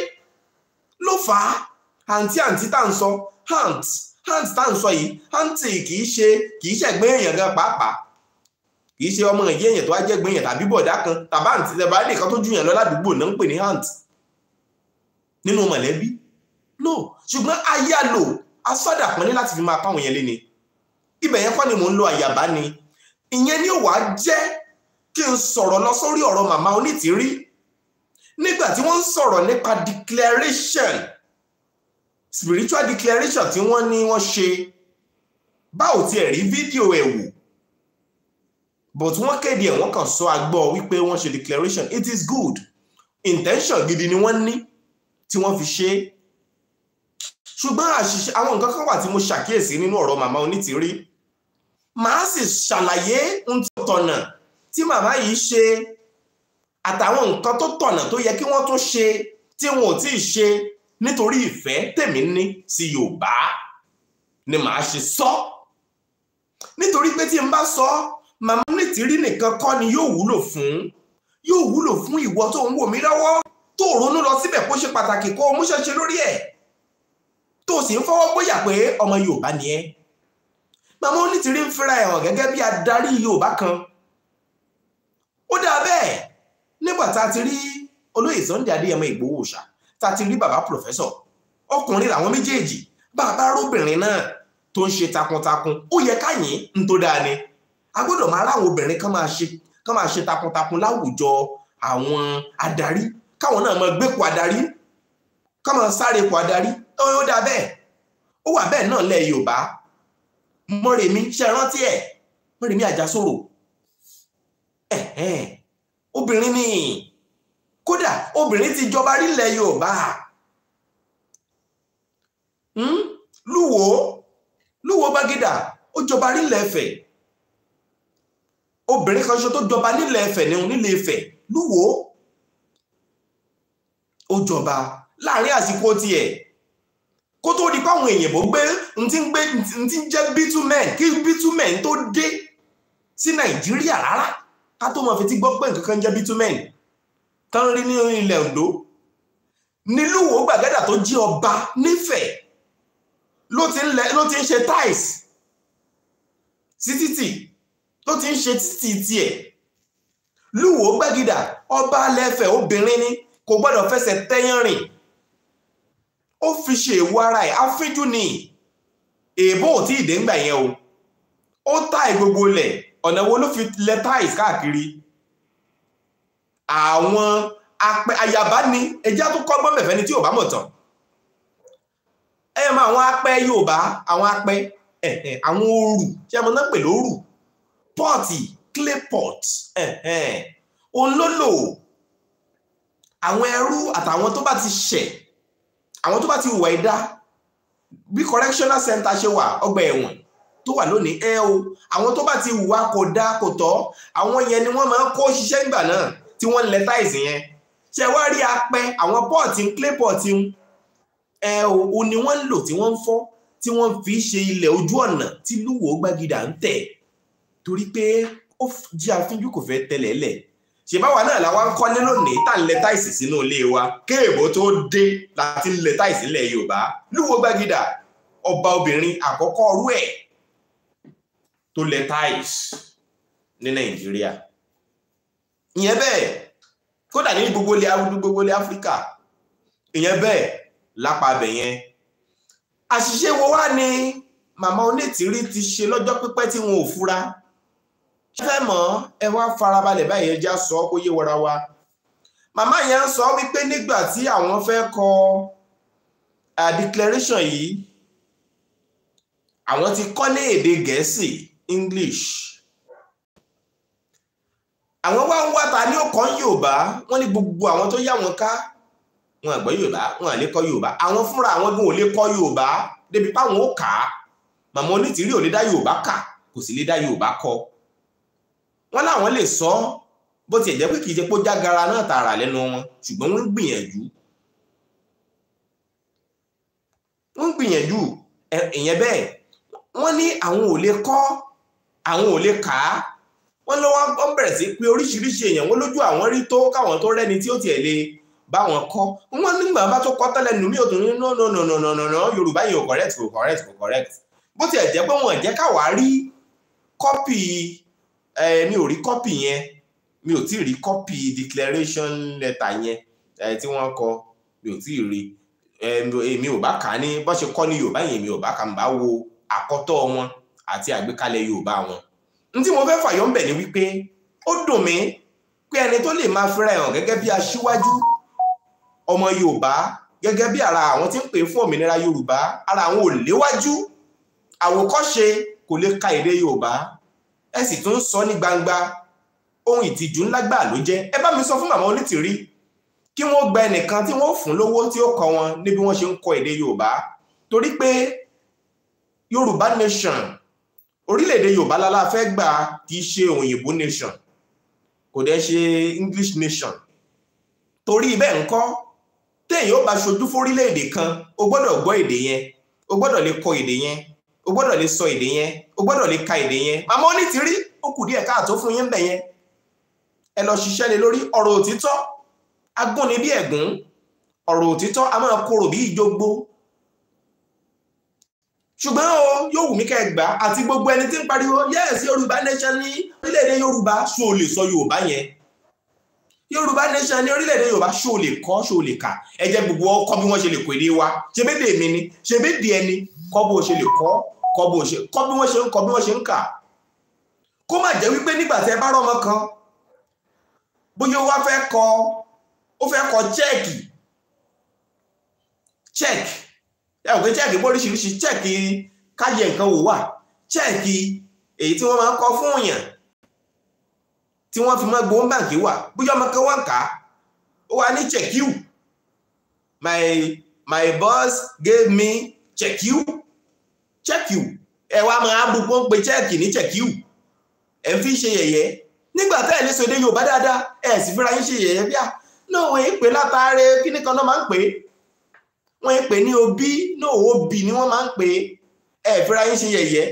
ló fà á àǹtí àǹtí tá ń sọ aunt aunt tá à ń sọ yìí aunty kì í ṣe kì í ṣẹ̀gbẹ́ èèyàn gan pàápàá kì í ṣe ọmọ ìyá èèyàn tó wá jẹ́ gbẹ̀yàn tàbí bọ̀dá kan tàbá àǹtí tẹ̀bá lè kan tó jù yàn lọ ládùúgbò náà ń pè ní aunt nínú mọ̀lẹ́bí no ṣùgbọ́n ayálò asọ́dà pọ́nlé láti fi máa pàwọn yẹn lé ni ibẹ̀ yẹn kọ́ ni mò ń lo àyàbá ni ìyẹn ni ó wàá jẹ́ kí n sọ̀rọ̀ lọ sórí ọ̀rọ̀ màmá onítìrí nígbà tí wọ́n ń sọ̀rọ̀ nípa declaration spiritual declaration tí wọ́n ní wọ́n ṣe báwo tiẹ̀ rí fídíò ẹ̀ wò but wọ́n kéde ẹ̀ wọ́n kàn sọ agbọ́ wípé wọ́n ṣe declaration it is good intention gidi ni wọ́n ní tí wọ́n fi ṣe é ṣùgbọ́n àṣìṣe àwọn nǹkan kan wà tí mo ṣàkíyèsí nínú ọ̀rọ̀ màmá onítìrí màá sì ṣàlàyé ohun tó tọ̀nà tí màmá yìí ṣe àtàwọn nǹkan tó tọ̀nà tó yẹ kí wọ́n tún ṣe tí wọn ò tí ì ṣe nítorí ìfẹ́ tèmi ní sí Yorùbá ni màá ṣe sọ nítorí pé tí n bá sọ Màmá Onítìrí nìkan kọ́ ni yóò wúlò fún yóò wúlò fún ìwọ tó ń wò mí lọ́wọ́ tó ronú lọ síbẹ̀ kó ṣe pàtàkì kó o mú ṣẹṣe lórí ẹ̀ tó sì ń fọwọ́ gbóyà pé ọmọ Yorùbá ni ẹ́ Màmá Onítìrí ń fira ẹ̀ hàn gẹ́gẹ́ bí adarí Yorùbá kan ó dáa bẹ́ẹ̀ nígbà tá a ti rí olóyè Sunday Adéyẹmọ Ìgbòho Òòṣà tá a ti rí bàbá pòfẹ́sọ̀ ọkùnrin làwọn méjèèjì bàbá arúbìnrin náà tó ń ṣe takuntakun ó yẹ káyìn ń tó dáa ni a gbọ́dọ̀ máa ráwọn obìnrin kán máa ṣe kán máa ṣe takuntakun láwùjọ àwọn adarí káwọn náà máa gbépò adarí kán máa sáré pò adarí ó dá bẹ́ẹ̀ ó wà bẹ́ẹ̀ náà lẹ̀ Yorùbá Mọ́rèmí ṣe rántí ẹ̀ Mọ́rèmí Àjàsorò obìnrin ni kódà obìnrin ti jọba rí lẹ̀ Yorùbá hmm? Lúwo Lúwo Bágídà ó jọba rí lẹ̀ obìnrin kan ṣoṣo tó jọba nílẹ̀ Ifẹ̀ níhun nílẹ̀ Ifẹ̀ lúwo ó jọba láàrin àsìkò tiẹ̀ kó tó di páwọn èèyàn bó gbé n ti gbé n ti jẹ́ bitumen kí bitumen tó dé sí Nàìjíríà rárá ká tó máa fi ti gbọ́ pé nǹkan kan jẹ́ bitumen tán rí ní ilẹ̀ Oǹdó nílùú gbàgádà tó jí ọba nífẹ̀ẹ́ ló ti ń ṣe tiles sí títì tó ti ń ṣe títì tiẹ̀ lúwo gbẹ́gidà ọba lẹ́fẹ̀ obìnrin ni kò gbọ́dọ̀ fẹsẹ̀ tẹ́yán rìn ó fi ṣe èwo ara ẹ̀ afínjú ni èèbó ò tí ì dé ńgbà yẹn o ó táì gbogbo lẹ̀ ọ̀nà wo ló fi lẹ táì káàkiri àwọn ayaba ni ẹja tó kọ́gbọ́n mẹ̀fẹ́ ni tí ò bá mọ̀ tán ẹ mọ àwọn apẹ Yorùbá àwọn apẹ àwọn òrù ṣé ẹ mọ náà pè lóòrù pọ́ọ̀tì clay pot òun ló lò àwọn ẹrú àtàwọn tó bá ti ṣẹ̀ àwọn tó bá ti hùwà ẹ̀dá bí correctional center ṣe wà ọgbà ẹ̀wọ̀n tó wà lónìí ẹ o àwọn tó bá ti hùwà kò dáa kò tọ́ àwọn yẹn ni wọ́n máa ń kó ṣiṣẹ́ ìgbà náà tí wọ́n lẹ táìsì yẹn ṣe wá rí apẹ àwọn pọ́ọ̀tì clay pot ń ẹ o o ni wọ́n ń lò tí wọ́n ń fọ́ tí wọ́n fi ṣe ilẹ̀ ojú ọ̀nà tí lúwo gbàgìdà ń tẹ̀ torí pé ó jí afínjú kò fẹ́ tẹ́lẹ̀ lẹ̀ ṣèbáwa náà làwa ń kọ́lé lónìí tá à ń lẹ táìsì sínú ilé wa kéèbó tó dé láti ń lẹ táìsì ilẹ̀ yorùbá lúwo gbàgìdà ọba obìnrin àkọ́kọ́ ọrú ẹ̀ tó lẹ táìsì ní nàìjíríà ìyẹn bẹ́ẹ̀ kódà ní gbogbo ilẹ̀ awúdú gbogbo ilẹ̀ áfíríkà ìyẹn bẹ́ẹ̀ lápá yẹn àṣìṣe wo wá ni màmá onítìrí ti ṣe lọ́jọ́ pípẹ́ tí wọn ò fura fẹ́ mọ̀ ẹ wá farabalẹ̀ báyìí ẹja sọ kó yé wọra wa màmá yẹn ń sọ wípé nígbà tí àwọn fẹ́ kọ declaration yìí àwọn ti kọ́ ní èdè gẹ̀ẹ́sì English àwọn wá ń wá ta ní ọkàn Yorùbá wọ́n ní gbogbo àwọn tó yá wọn ká wọn àgbọ́ Yorùbá wọn à lè kọ́ Yorùbá àwọn fúnra àwọn gan ò lè kọ́ Yorùbá débi páwọn ó kà á màmá onítìrí ò lè dá Yorùbá kà kò sì lè dá Yorùbá kọ́ wọ́n láwọn lè sọ ọ́ bó tiẹ̀ jẹ́ pé kì í ṣe pé ó jágara náà tààrà lẹ́nu wọn ṣùgbọ́n wọ́n ń gbìyànjú wọ́n ń gbìyànjú ìyẹn bẹ́ẹ̀ wọ́n ní àwọn ò lè kọ́ àwọn ò lè kà á wọ́n lọ́wọ́ wọ́n bẹ̀rẹ̀ sí pé oríṣiríṣi èèyàn wọ́n lójú àwọn rí tó káwọn tó rẹ́ni tí ó tiẹ̀ lè bá wọn kọ́ wọ́n nígbà bá tó kọ́ tẹ́lẹ̀ nù mí ò tún ní no no no no no no no yorùbá yìí ò correct kò correct kò correct bó tiẹ̀ jẹ́ pé wọ́n jẹ́ káwa rí kọ́pì mi ò rí kọ́pì yẹn mi ò tí ì rí kọ́pì declaration letter yẹn tí wọ́n kọ mi ò tí ì rí èmi ò bá kà á ní bó ṣe kọ́ ní yorùbá yẹn mi ò bá kà á bá wo àkọ́tọ̀ wọn àti àgbékalẹ̀ yorùbá wọn n tí mo fẹ́ fàyọ́ ń bẹ̀ ni wípé ó dùn mí pé ẹni tó lè máa fira ẹ̀hàn gẹ́gẹ́ bí aṣíwájú ọmọ yorùbá gẹ́gẹ́ bí ara àwọn tí ń pè fún òmìnira yorùbá ara àwọn ò léwájú àwòkọ́ṣe kò lè ka èdè yorùbá ẹ sì tún sọ ní gbangba ohun ìtìjú ńlá gbà ló jẹ́ ẹ bá mi sọ fún màmá onítìrí kí wọ́n gba ẹnìkan tí wọ́n fún lówó tí ó kọ́ wọn níbi wọ́n ṣe ń kọ́ èdè yorùbá torí pé yorùbá nation orílẹ̀-èdè yorùbá lálá fẹ́ gbà kì í ṣe òyìnbó nation kò dẹ̀ ṣe english nation torí bẹ́ẹ̀ ńkọ́ téèyàn ó bá ṣojú fórílẹ̀-èdè kan o gbọ́dọ̀ gbọ́ èdè yẹn o gbọ́dọ̀ lè kọ́ èdè yẹn o gbọ́dọ̀ lè sọ èdè yẹn o gbọ́dọ̀ lè ka èdè yẹn màmá ó ní ti rí ó kù díẹ̀ káàtó fún yín bẹ̀ yẹn ẹ lọ ṣiṣẹ́ lé lórí ọ̀rọ̀ òtítọ́ agúnni bí ẹ̀gún ọ̀rọ̀ òtítọ́ a máa korò bí ìjogbo ṣùgbọ́n o yóò wù mí ká àti gbogbo ẹni tí ń pariwo yes yorùbá nation ní orílẹ̀-èdè yorùbá ṣó lè sọ yorùbá yẹn yorùbá nation ní orílẹ̀-èdè yorùbá ṣó lè kọ́ ṣó lè kà ẹ gbogbo ọkọ bí wọ́n ṣe lè kó èdè wa ṣebédè mi ni ṣebédè ẹni kọ́ bó ṣe lè kọ́ kọ́ bó ṣe kọ́ bí wọ́n ṣe ń kọ́ bí wọ́n ṣe ń kà kó má jẹ́ wípé nígbà tẹ́ bá rọ́mọ kan bóyá ó wá fẹ́ kọ ó fẹ́ kọ chẹ́ẹ̀kì chẹ́ẹ̀kì ẹ ò pé chẹ́ẹ̀kì bóríṣiríṣi chẹ́ẹ̀kì káyẹ̀ nǹkan wò wà chẹ́ẹ̀kì èyí tí wọ́n máa ń kọ fún èèyàn tí wọ́n fi máa gbowó báǹkì wà bóyá ọmọ kan wọ́n kà á ó wà ní chẹ́kíù my my boss gave me chẹ́kíù chẹ́kìú ẹ wá máa bu pọ́n pe chẹ́kì ní chẹ́kìú ẹ fi ṣe yẹ̀yẹ́ nígbà tẹ́ ẹ̀ lè Yorùbá dáadáa ẹ sì fira yín ṣe yẹ̀yẹ́ bíà náà wọ́n ń pè kíní kan náà máa ń pè wọ́n ń pè ní òbí náà òbí ni wọ́n máa ń pè ẹ fira yín ṣe yẹ̀yẹ́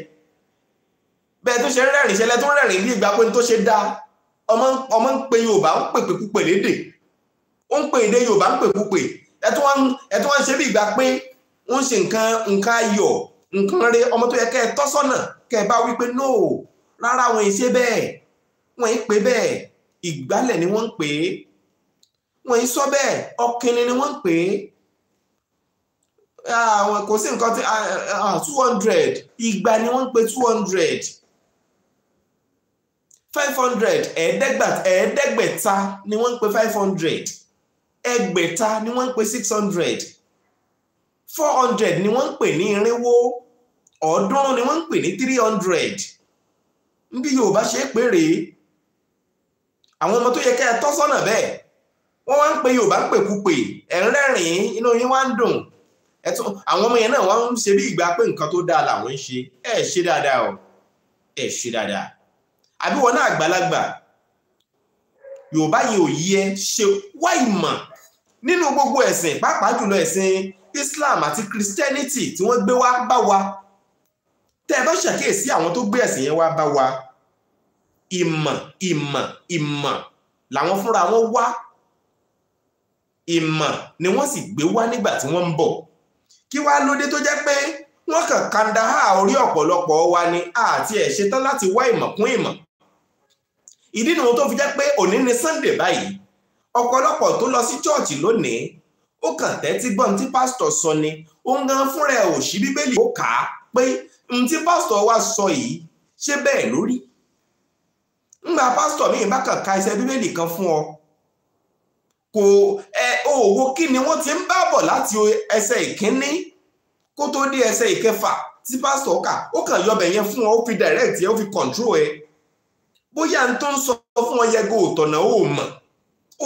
bẹ́ẹ̀ tó ṣe rẹ́rìn ṣẹlẹ̀ tó rẹ́rìn bí ìgbà pé tó ṣe dá ọmọ ń pe Yorùbá ń pèpè púpè lédè ó ń pè èdè Yorùbá ń pè púpè ẹ tó wá ṣe bí ìgbà pé ó ṣe nǹkan nǹkan ayọ̀ nǹkan re ọmọ tó yẹ kẹ́ ẹ tọ́ sọ́nà kẹ́ ẹ bá wí pé no rárá wọn ṣe bẹ́ẹ̀ wọn ń pè bẹ́ẹ̀ ìgbálẹ̀ ni wọ́n ń pè é wọn ń sọ bẹ́ẹ̀ ọkìnrin ni wọ́n ń pè é àwọn kò sí nǹkan tí two hundred igba ni wọ́n ń pè two hundred five hundred ẹ̀ẹ́dẹ́gbẹ̀ta ni wọ́n ń pè five hundred ẹgbẹ̀ta ni wọ́n ń pè six hundred four hundred ni wọ́n ń pè ní irínwó ọ̀ọ́dúnrún ni wọ́n ń pè ní three hundred níbi Yorùbá ṣe é péré àwọn ọmọ tó yẹ kẹ́ ẹ tọ́ bẹ́ẹ̀ wọ́n wá ń pe Yorùbá ń pèkúpè ẹ̀ ń rẹ́rìn inú yín wá ń dùn àwọn ọmọ yẹn náà wọ́n ń ṣe bí ìgbà pé nǹkan tó dáa làwọn ń ṣe ẹ̀ ṣe dáadáa o ẹ̀ ṣe dáadáa àbí wọn náà àgbàlagbà Yorùbá yìí ò Islam àti Christianity tí wọ́n gbé wá bá wa tẹ́ ẹ bá ṣàkíyèsí àwọn tó gbé ẹ̀sìn yẹn wá bá wa ìmọ̀ ìmọ̀ ìmọ̀ làwọn fúnra wọn wá ìmọ̀ ni wọ́n sì gbé wá nígbà tí wọ́n ń bọ̀ kí wá lóde tó jẹ́ pé wọ́n kàn kandahá orí ọ̀pọ̀lọpọ̀ wa ni àti ẹ̀ ṣetán láti wá ìmọ̀ kún ìmọ̀ ìdí nìwọ̀n tó fi jẹ́ pé òní ni Sunday báyìí ọ̀pọ̀lọpọ̀ tó lọ sí chọ́ọ̀chì lónìí ó kàn tẹ́tí gbọ́n tí pásítọ̀ sọ ni ó ń gan fúnra ẹ̀ ò sí bíbélì ó kà á pé n tí pásítọ̀ wa sọ yìí ṣé bẹ́ẹ̀ lórí ńgbà pásítọ̀ mi bá kàn ka iṣẹ́ bíbélì kan fún ọ kò ẹ òwò kí ni wọ́n ti ń bá bọ̀ láti ẹsẹ̀ ìkíní kó tó dé ẹsẹ̀ ìkẹfà tí pásítọ̀ kà ó kàn yọbẹ̀ yẹn fún ọ ó fi direct ẹ ó fi control ẹ bóyá n tó ń sọ fún ọ yẹ kó o tọ̀nà ó mọ̀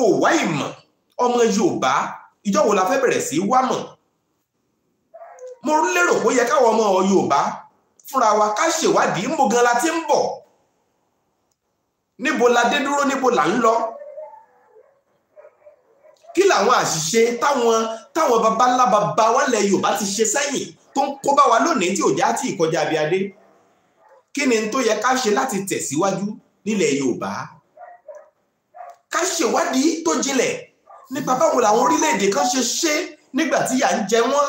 ó wá ìmọ̀ ọmọ Yorùbá ìjọ wo la fẹ́ bẹ̀rẹ̀ sí wá mọ̀ mo lérò pé ó yẹ káwọn ọmọ Yorùbá fúnra wa ká ṣèwádìí níbo gan la ti ń bọ̀ níbo la dé dúró níbo là ń lọ kí làwọn àṣìṣe táwọn táwọn babalábàbá wa lẹ Yorùbá ti ṣe sẹ́yìn tó ń kó bá wa lónìí tí òjá tí ìkọjá abíadé kí ni tó yẹ ká ṣe láti tẹ̀síwájú nílẹ̀ Yorùbá ká ṣèwádìí tó jinlẹ̀ nípa báwo làwọn orílẹ̀-èdè kan ṣe ṣe nígbà tí yà ń jẹ wọ́n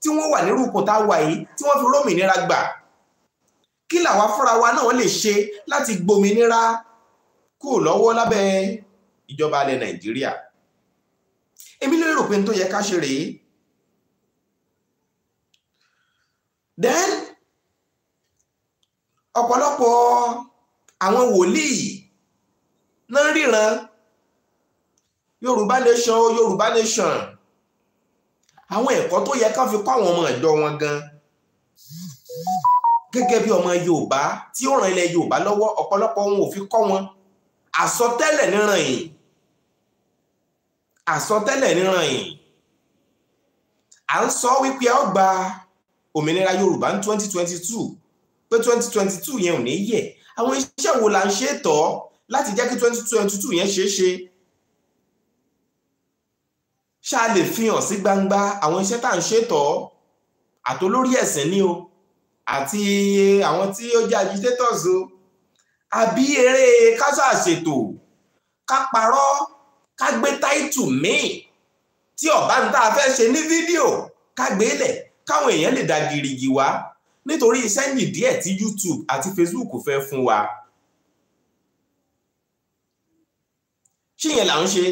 tí wọ́n wà nírú ipò tá a wà yìí tí wọ́n fi rómìnira gbà kí làwa fúnra wa náà lè ṣe láti gbòmìnira kú lọ́wọ́ lábẹ́ ìjọba alẹ́ nàìjíríà èmi ló lérò pé tó yẹ ká ṣe rèé then ọ̀pọ̀lọpọ̀ àwọn wòlíì náà ríran yorùbá nation o yorùbá nation àwọn ẹ̀kọ́ tó yẹ ká fi kọ́ àwọn ọmọ ẹ̀dọ́ wọn gan gẹ́gẹ́ bí ọmọ yorùbá tí ó ràn ilẹ̀ yorùbá lọ́wọ́ ọ̀pọ̀lọpọ̀ wọn ò fi kọ́ wọn àsọtẹ́lẹ̀ níran yìí àsọtẹ́lẹ̀ níran yìí à ń sọ wípé ó gba òmìnira yorùbá ní twenty twenty two pé 2022. twenty two yẹn ò ní yẹ àwọn iṣẹ́ wo là ń ṣètò láti jẹ́ kí twenty twenty two yẹn ṣeé ṣe ṣá lè fi hàn sí gbangba àwọn iṣẹ́ tá à ń ṣètò àtolórí ẹ̀sìn ni o àti àwọn tí ó jẹ́ agitators o àbí eré kásà ṣètò ká parọ́ ká gbé táìtù míì tí ọ̀bá ń tá a fẹ́ ṣe ní fídíò ká gbé lẹ̀ káwọn èèyàn lè da gìrìgì wá nítorí sẹ́ńdì díẹ̀ tí YouTube àti Facebook fẹ́ fún wa. ṣíyẹn là ń ṣe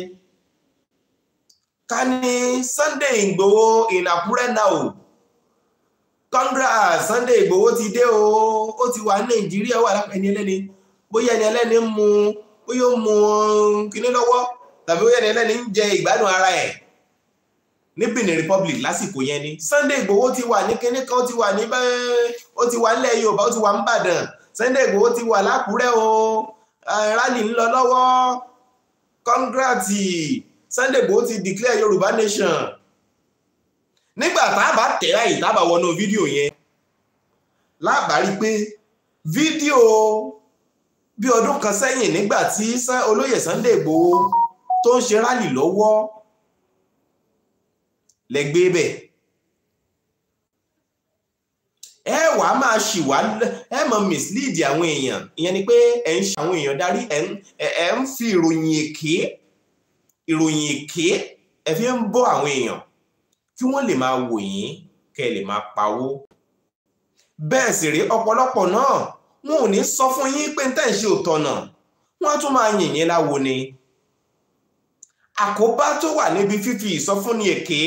ká ní Sunday Ìgbòho in Àkúrẹ́ náà o kọ́ńdà Sunday Ìgbòho ti dé o ó ti wà ní Nàìjíríà wà lápẹ́ ẹni ẹlẹ́ni bóyá ẹni ẹlẹ́ni ń mu bóyá ó mu kínní lọ́wọ́ tàbí bóyá ẹni ẹlẹ́ni ń jẹ ìgbádùn ara ẹ̀ ní Benin Republic lásìkò yẹn ni Sunday Ìgbòho ti wà ní kínní kan ó ti wà ní bẹ́ẹ̀ ó ti wà nílẹ̀ Yorùbá ó ti wà ní Ìbàdàn Sunday Ìgbòho ti wà lákùúrẹ́ o rally ń lọ lọ́wọ́ kọ́ńdà tì í Sunday Igboho ti declare Yorùbá nation nígbà tá a bá tẹ̀ láyè tá a bá wọnú fídíò yẹn lábàárí pé fídíò bí ọdún kan sẹ́yìn nígbà tí olóyè Sunday Igboho tó ń ṣe rálì lọ́wọ́ lẹ́gbẹ́ bẹ̀ ẹ wà á máa ṣì wá ẹ mọ mislead àwọn èèyàn ìyẹn ni pé ẹ ń ṣe àwọn èèyàn darí ẹ ń fi ìròyìn èké ìròyìn èké ẹ fi ń bọ́ àwọn èèyàn kí wọ́n lè máa wò yín kẹ́ ẹ lè máa pawó. bẹ́ẹ̀ sì rí ọ̀pọ̀lọpọ̀ náà wọn ò ní sọ fún yín pé tẹ́ ń ṣe òtọ̀nà wọ́n á tún máa yìn yín láwo ni. àkóbá tó wà níbi fífi ìsọfúnni èké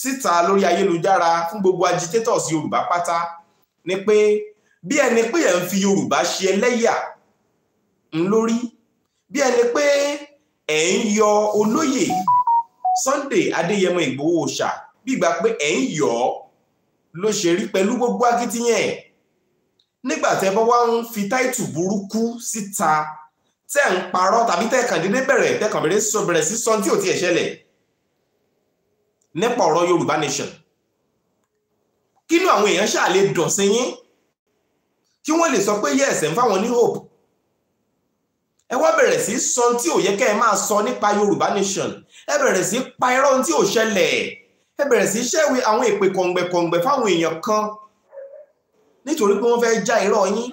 síta lórí ayélujára fún gbogbo agitators yorùbá pátá ni pé bí ẹni pé ẹ̀ ń fi yorùbá ṣe ẹlẹ́yà ń lórí bí ẹni pé ẹ̀ ń yọ olóyè Sunday Adéyẹmọ Ìgbòho Òòṣà bí ìgbà pé ẹ̀ ń yọ ọ́ ló ṣe rí pẹ̀lú gbogbo akitiyan ẹ̀ nígbà tẹ́ bọ́ wá ń fi táìtù burúkú síta tẹ́ ń parọ́ tàbí tẹ́ kàn déédéé bẹ̀rẹ̀ tẹ́ kàn bẹ̀rẹ̀ sí sọ́n tí ò tiẹ̀ ṣẹlẹ̀ nípa ọ̀rọ̀ Yorùbá Nation kínú àwọn èèyàn ṣáà lè yín kí wọ́n lè sọ pé yes ẹ̀ ń fáwọn ní hope ẹ wá bẹ̀rẹ̀ sí sọ tí ò yẹ kẹ́ ẹ máa sọ nípa Yorùbá nation ẹ bẹ̀rẹ̀ sí pa irọ́ tí ò ṣẹlẹ̀ ẹ bẹ̀rẹ̀ sí ṣẹ́wé àwọn èpè kọ̀ǹgbẹ̀kọ̀ǹgbẹ̀ fáwọn èèyàn kan nítorí pé wọ́n fẹ́ já irọ́ yín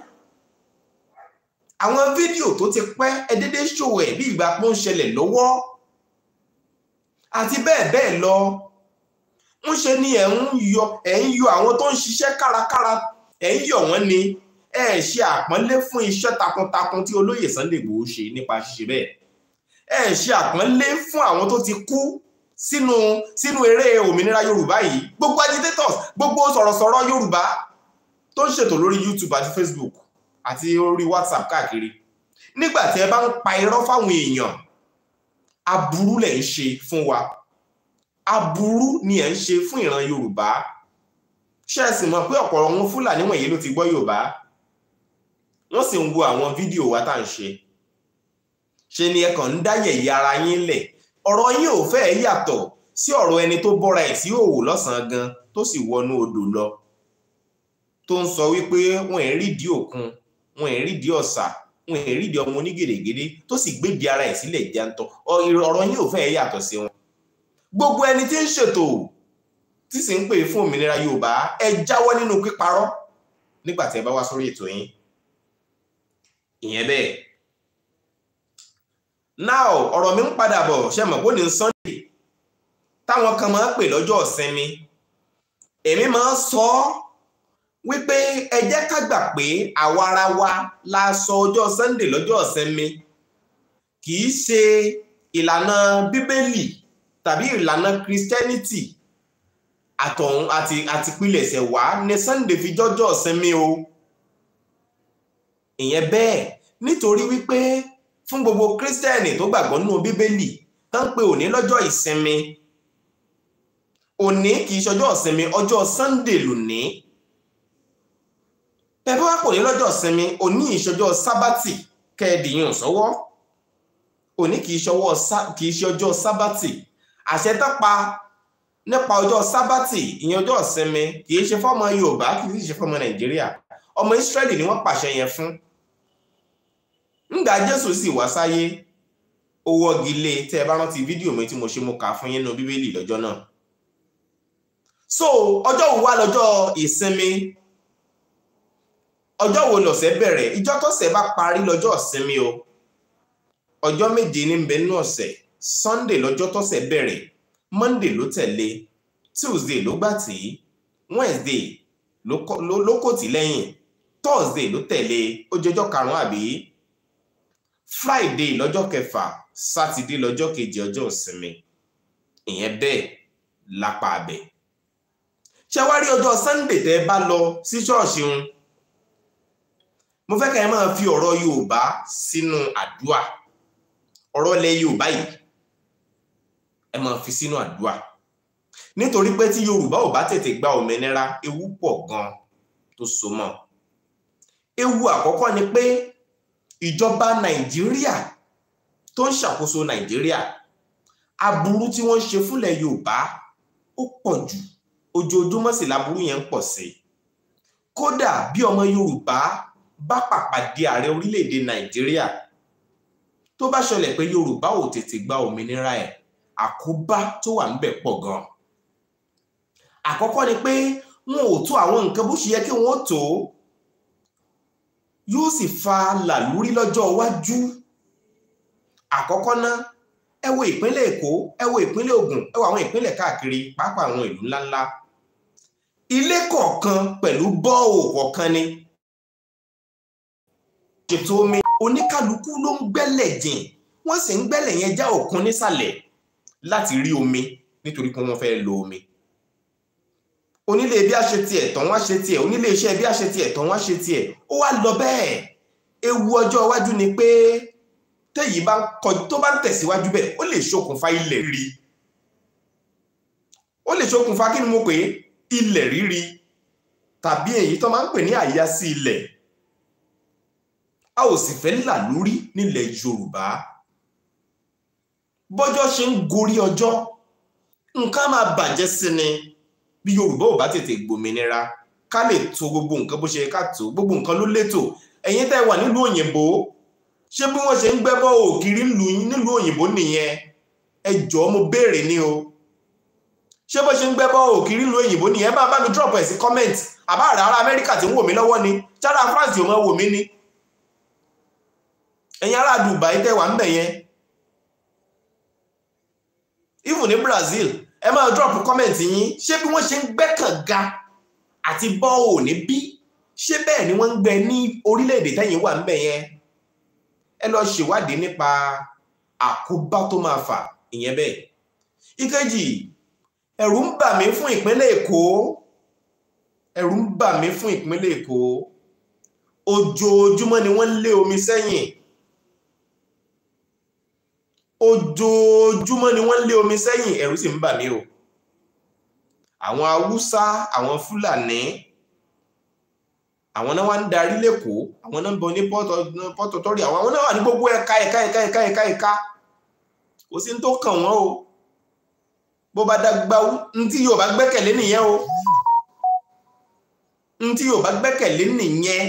àwọn fídíò tó ti pẹ́ ẹ dédé ṣòwò ẹ̀ bí ìgbà pọ́n ṣẹlẹ̀ lọ́wọ́ àti bẹ́ẹ̀ bẹ́ẹ̀ lọ ń ṣe ni ẹ̀ ń yọ àwọn tó ń ṣiṣẹ́ kárakára ẹ̀ ń yọ wọ́n ni ẹ ṣe àpọ́nlé fún iṣẹ́ takuntakun tí olóyè Sunday Igboho ṣe nípa ṣíṣe bẹ́ẹ̀ ẹ ṣe àpọ́nlé fún àwọn tó ti kú sínú sínú eré òmìnira Yorùbá yìí gbogbo agitators gbogbo sọ̀rọ̀sọ̀rọ̀ Yorùbá tó ń ṣètò lórí YouTube àti Facebook àti orí WhatsApp káàkiri nígbà tí ẹ bá ń pa irọ́ fáwọn èèyàn aburú lẹ̀ ń ṣe fún wa aburú ni ẹ̀ ń ṣe fún ìran Yorùbá ṣé ẹ sì mọ̀ pé ọ̀pọ̀ ọ̀hún Fúlàní wọ̀nyí ló ti gbọ́ Yorùbá wọ́n sì ń wo àwọn fídíò wa tá à ń ṣe ṣe ni ẹ kàn ń dá yẹ̀yẹ́ ara yín lẹ̀ ọ̀rọ̀ yín ò fẹ́ yàtọ̀ sí ọ̀rọ̀ ẹni tó bọ́ra ẹ̀ sí òwò lọ́sàn-án gan tó sì wọnú odò lọ tó ń sọ wípé wọn ẹ̀ rídìí òkun wọn ẹ̀ rídìí ọ̀sà wọn ẹ̀ rídìí ọmọ onígèrègèrè tó sì gbédi ara ẹ̀ sílẹ̀ jantọ ọ̀rọ̀ yín ò fẹ́ yàtọ̀ sí wọn gbogbo ẹni tí ń ṣètò tí sì ń pè fún òmìnira Yorùbá ẹ jáwọ́ nínú píparọ́ nígbà tí ẹ bá wá sórí ètò yín ìyẹn bẹ́ẹ̀. now ọ̀rọ̀ mi ń padà bọ̀ ṣe mọ̀ kó ní sunday táwọn kan máa ń pè lọ́jọ́ ìsinmi èmi máa ń sọ ọ́ wípé ẹ ká gbà pé àwa ara wa la sọ ọjọ́ sunday lọ́jọ́ ìsinmi kì í ṣe ìlànà bíbélì tàbí ìlànà christianity àtọ̀hún àti àtìpilẹ̀ṣẹ̀ wá ní sunday fi jọ́jọ́ ìsinmi o ìyẹn bẹ́ẹ̀ nítorí wípé fún gbogbo kírísítẹ́nì tó gbàgbọ́ nínú bíbélì tán pé òní lọ́jọ́ ìsinmi òní kì í ṣọjọ́ ìsinmi ọjọ́ sunday lónìí pẹ̀lú àpò ní lọ́jọ́ ìsinmi òní ìṣọjọ́ sábàtì kẹ́ẹ̀dìyàn sọ́wọ́ òní kì í ṣe ọjọ́ sábàtì àṣẹ tán pa nípa ọjọ́ sábàtì ìyẹn ọjọ́ ìsinmi kì í ṣe fọ́mọ yorùbá kì í ṣe fọ́mọ nàìjíríà ọmọ ìsírẹ́lì ni wọ́n pàṣẹ yẹn fún ńgbà jésù sì wá sáyé ó wọ́gi lé e. tẹ́ bá rántí fídíò mi tí mo ṣe mo kà fún yín bíbélì lọ́jọ́ náà so ọjọ́ wo wá lọ́jọ́ ìsinmi ọjọ́ wo lọ̀sẹ̀ bẹ̀rẹ̀ ìjọ́ tọ́sẹ̀ bá parí lọ́jọ́ ìsinmi o ọjọ́ méje ní bẹ́ẹ̀ nínú ọ̀sẹ̀ sunday lọ́jọ́ tọ́sẹ̀ bẹ̀rẹ̀ monday ló tẹ̀lé tuesday ló gbà tí wednesday ló kò tí lẹ́yìn thursday ló tẹ̀lé ó jẹjọ́ karùn àbí friday lọ́jọ́ kẹfà sátidé lọ́jọ́ keje ọjọ́ ìsinmi ìyẹn bẹ́ẹ̀ lápá abẹ ṣé wá rí ọjọ́ sunday tẹ́ bá lọ sí ṣọ́ọ̀ṣì ń mo fẹ́ ká ẹ máa fi ọ̀rọ̀ yorùbá sínú àdúà ọ̀rọ̀ ilẹ̀ yorùbá yìí ẹ máa fi sínú àdúà nítorí pé tí yorùbá ò bá tètè gba òmìnira ewu pọ̀ gan tó so mọ́ ewu àkọ́kọ́ ni pé ìjọba nàìjíríà tó ń ṣàkóso nàìjíríà aburú tí wọ́n ń ṣe fúnlẹ̀ yorùbá ó pọ̀ jù ojoojúmọ́ sí laburú yẹn ń pọ̀ sí i kódà bí ọmọ yorùbá bá pàpàdé ààrẹ orílẹ̀-èdè nàìjíríà tó bá ṣẹlẹ̀ pé yorùbá ò tètè gba òmìnira ẹ̀ àkóbá tó wà ńbẹ̀ pọ̀ gan-an ni pé wọn ò tó àwọn nǹkan bó ṣe yẹ kí wọ́n tó yóò sì fa làlúrí lọ́jọ́ iwájú àkọ́kọ́ ná ẹ wo ìpínlẹ̀ Èkó ẹ wo ìpínlẹ̀ Ògùn ẹ wo àwọn ìpínlẹ̀ káàkiri pàápàá àwọn ìlú ńláńlá ilé kọ̀ọ̀kan pẹ̀lú bọ́ọ̀ kọ̀ọ̀kan ni ètò omi oníkálukú ló ń gbẹ́lẹ̀ jìn wọ́n sì ń gbẹ́lẹ̀ yẹn já òkun nísàlẹ̀ láti rí omi nítorí pé wọ́n fẹ́ lo omi onílé bí a ṣe tiẹ̀ tán wá ṣe tiẹ̀ onílé iṣẹ́ bí a ṣe tiẹ̀ tán wá ṣe tiẹ̀ ó wá lọ bẹ́ẹ̀ ewu ọjọ́ iwájú ni pé tẹ́yìí bá kọjú tó bá ń tẹ̀síwájú bẹ́ẹ̀ ó lè ṣokùnfà ilẹ̀ rírí ó lè ṣokùnfà kí ni mo pè é ilẹ̀ rírí tàbí èyí tó máa ń pè ní àyà sí ilẹ̀ a ò sì fẹ́ là lórí nílẹ̀ Yorùbá bọ́jọ́ ṣe ń gorí ọjọ́ nǹkan máa bàjẹ́ sí ni bí yorùbá ò bá tètè gbòmìnira ká lè to gbogbo nǹkan bó ṣe ká tó gbogbo nǹkan ló létò ẹ̀yin tẹ́ wà nílùú òyìnbó ṣé bí wọ́n ṣe ń gbẹ́bọ́ ògiri nílùú òyìnbó nìyẹn ẹ jọ̀ọ́ mo béèrè ni o ṣé bó ṣe ń gbẹ́bọ́ ògiri nílùú òyìnbó nìyẹn bá bá mi drop ẹ̀ sí comment àbá àrà ará amẹ́ríkà tí ń wò mí lọ́wọ́ ni tára france yóò máa wò mí ni ẹ̀yin ará dubai tẹ́ wà ń bẹ̀ yẹn even ní brazil ẹ máa drop comment yín ṣé bí wọ́n ṣe ń gbẹ́ kànga àti bọ́ọ̀ níbí ṣé bẹ́ẹ̀ ni wọ́n ń gbẹ ní orílẹ̀-èdè tẹ́yìn wà ńbẹ̀ yẹn ẹ lọ ṣèwádìí nípa àkóbá tó máa fà ìyẹn bẹ́ẹ̀. ìkejì ẹ̀rù ń bà mí fún ìpínlẹ̀ èkó ẹ̀rù ń bà mí fún ìpínlẹ̀ èkó ojoojúmọ́ ni wọ́n ń lé omi sẹ́yìn ojoojúmọ́ ni wọ́n lé omi sẹ́yìn ẹ̀rù sì ń bà mí o àwọn haúsá àwọn fúlàní àwọn náà wá ń darí lẹ́kọ̀ọ́ àwọn náà ń bọ ní port àwọn náà wà ní gbogbo ẹ̀ka ẹ̀ka ẹ̀ka ẹ̀ka ẹ̀ka ẹ̀ka kò sí tó kàn wọ́n o bó bá dágbá ń tí yóò bá gbẹ́kẹ̀lé nìyẹn o ń tí yóò bá gbẹ́kẹ̀lé nìyẹn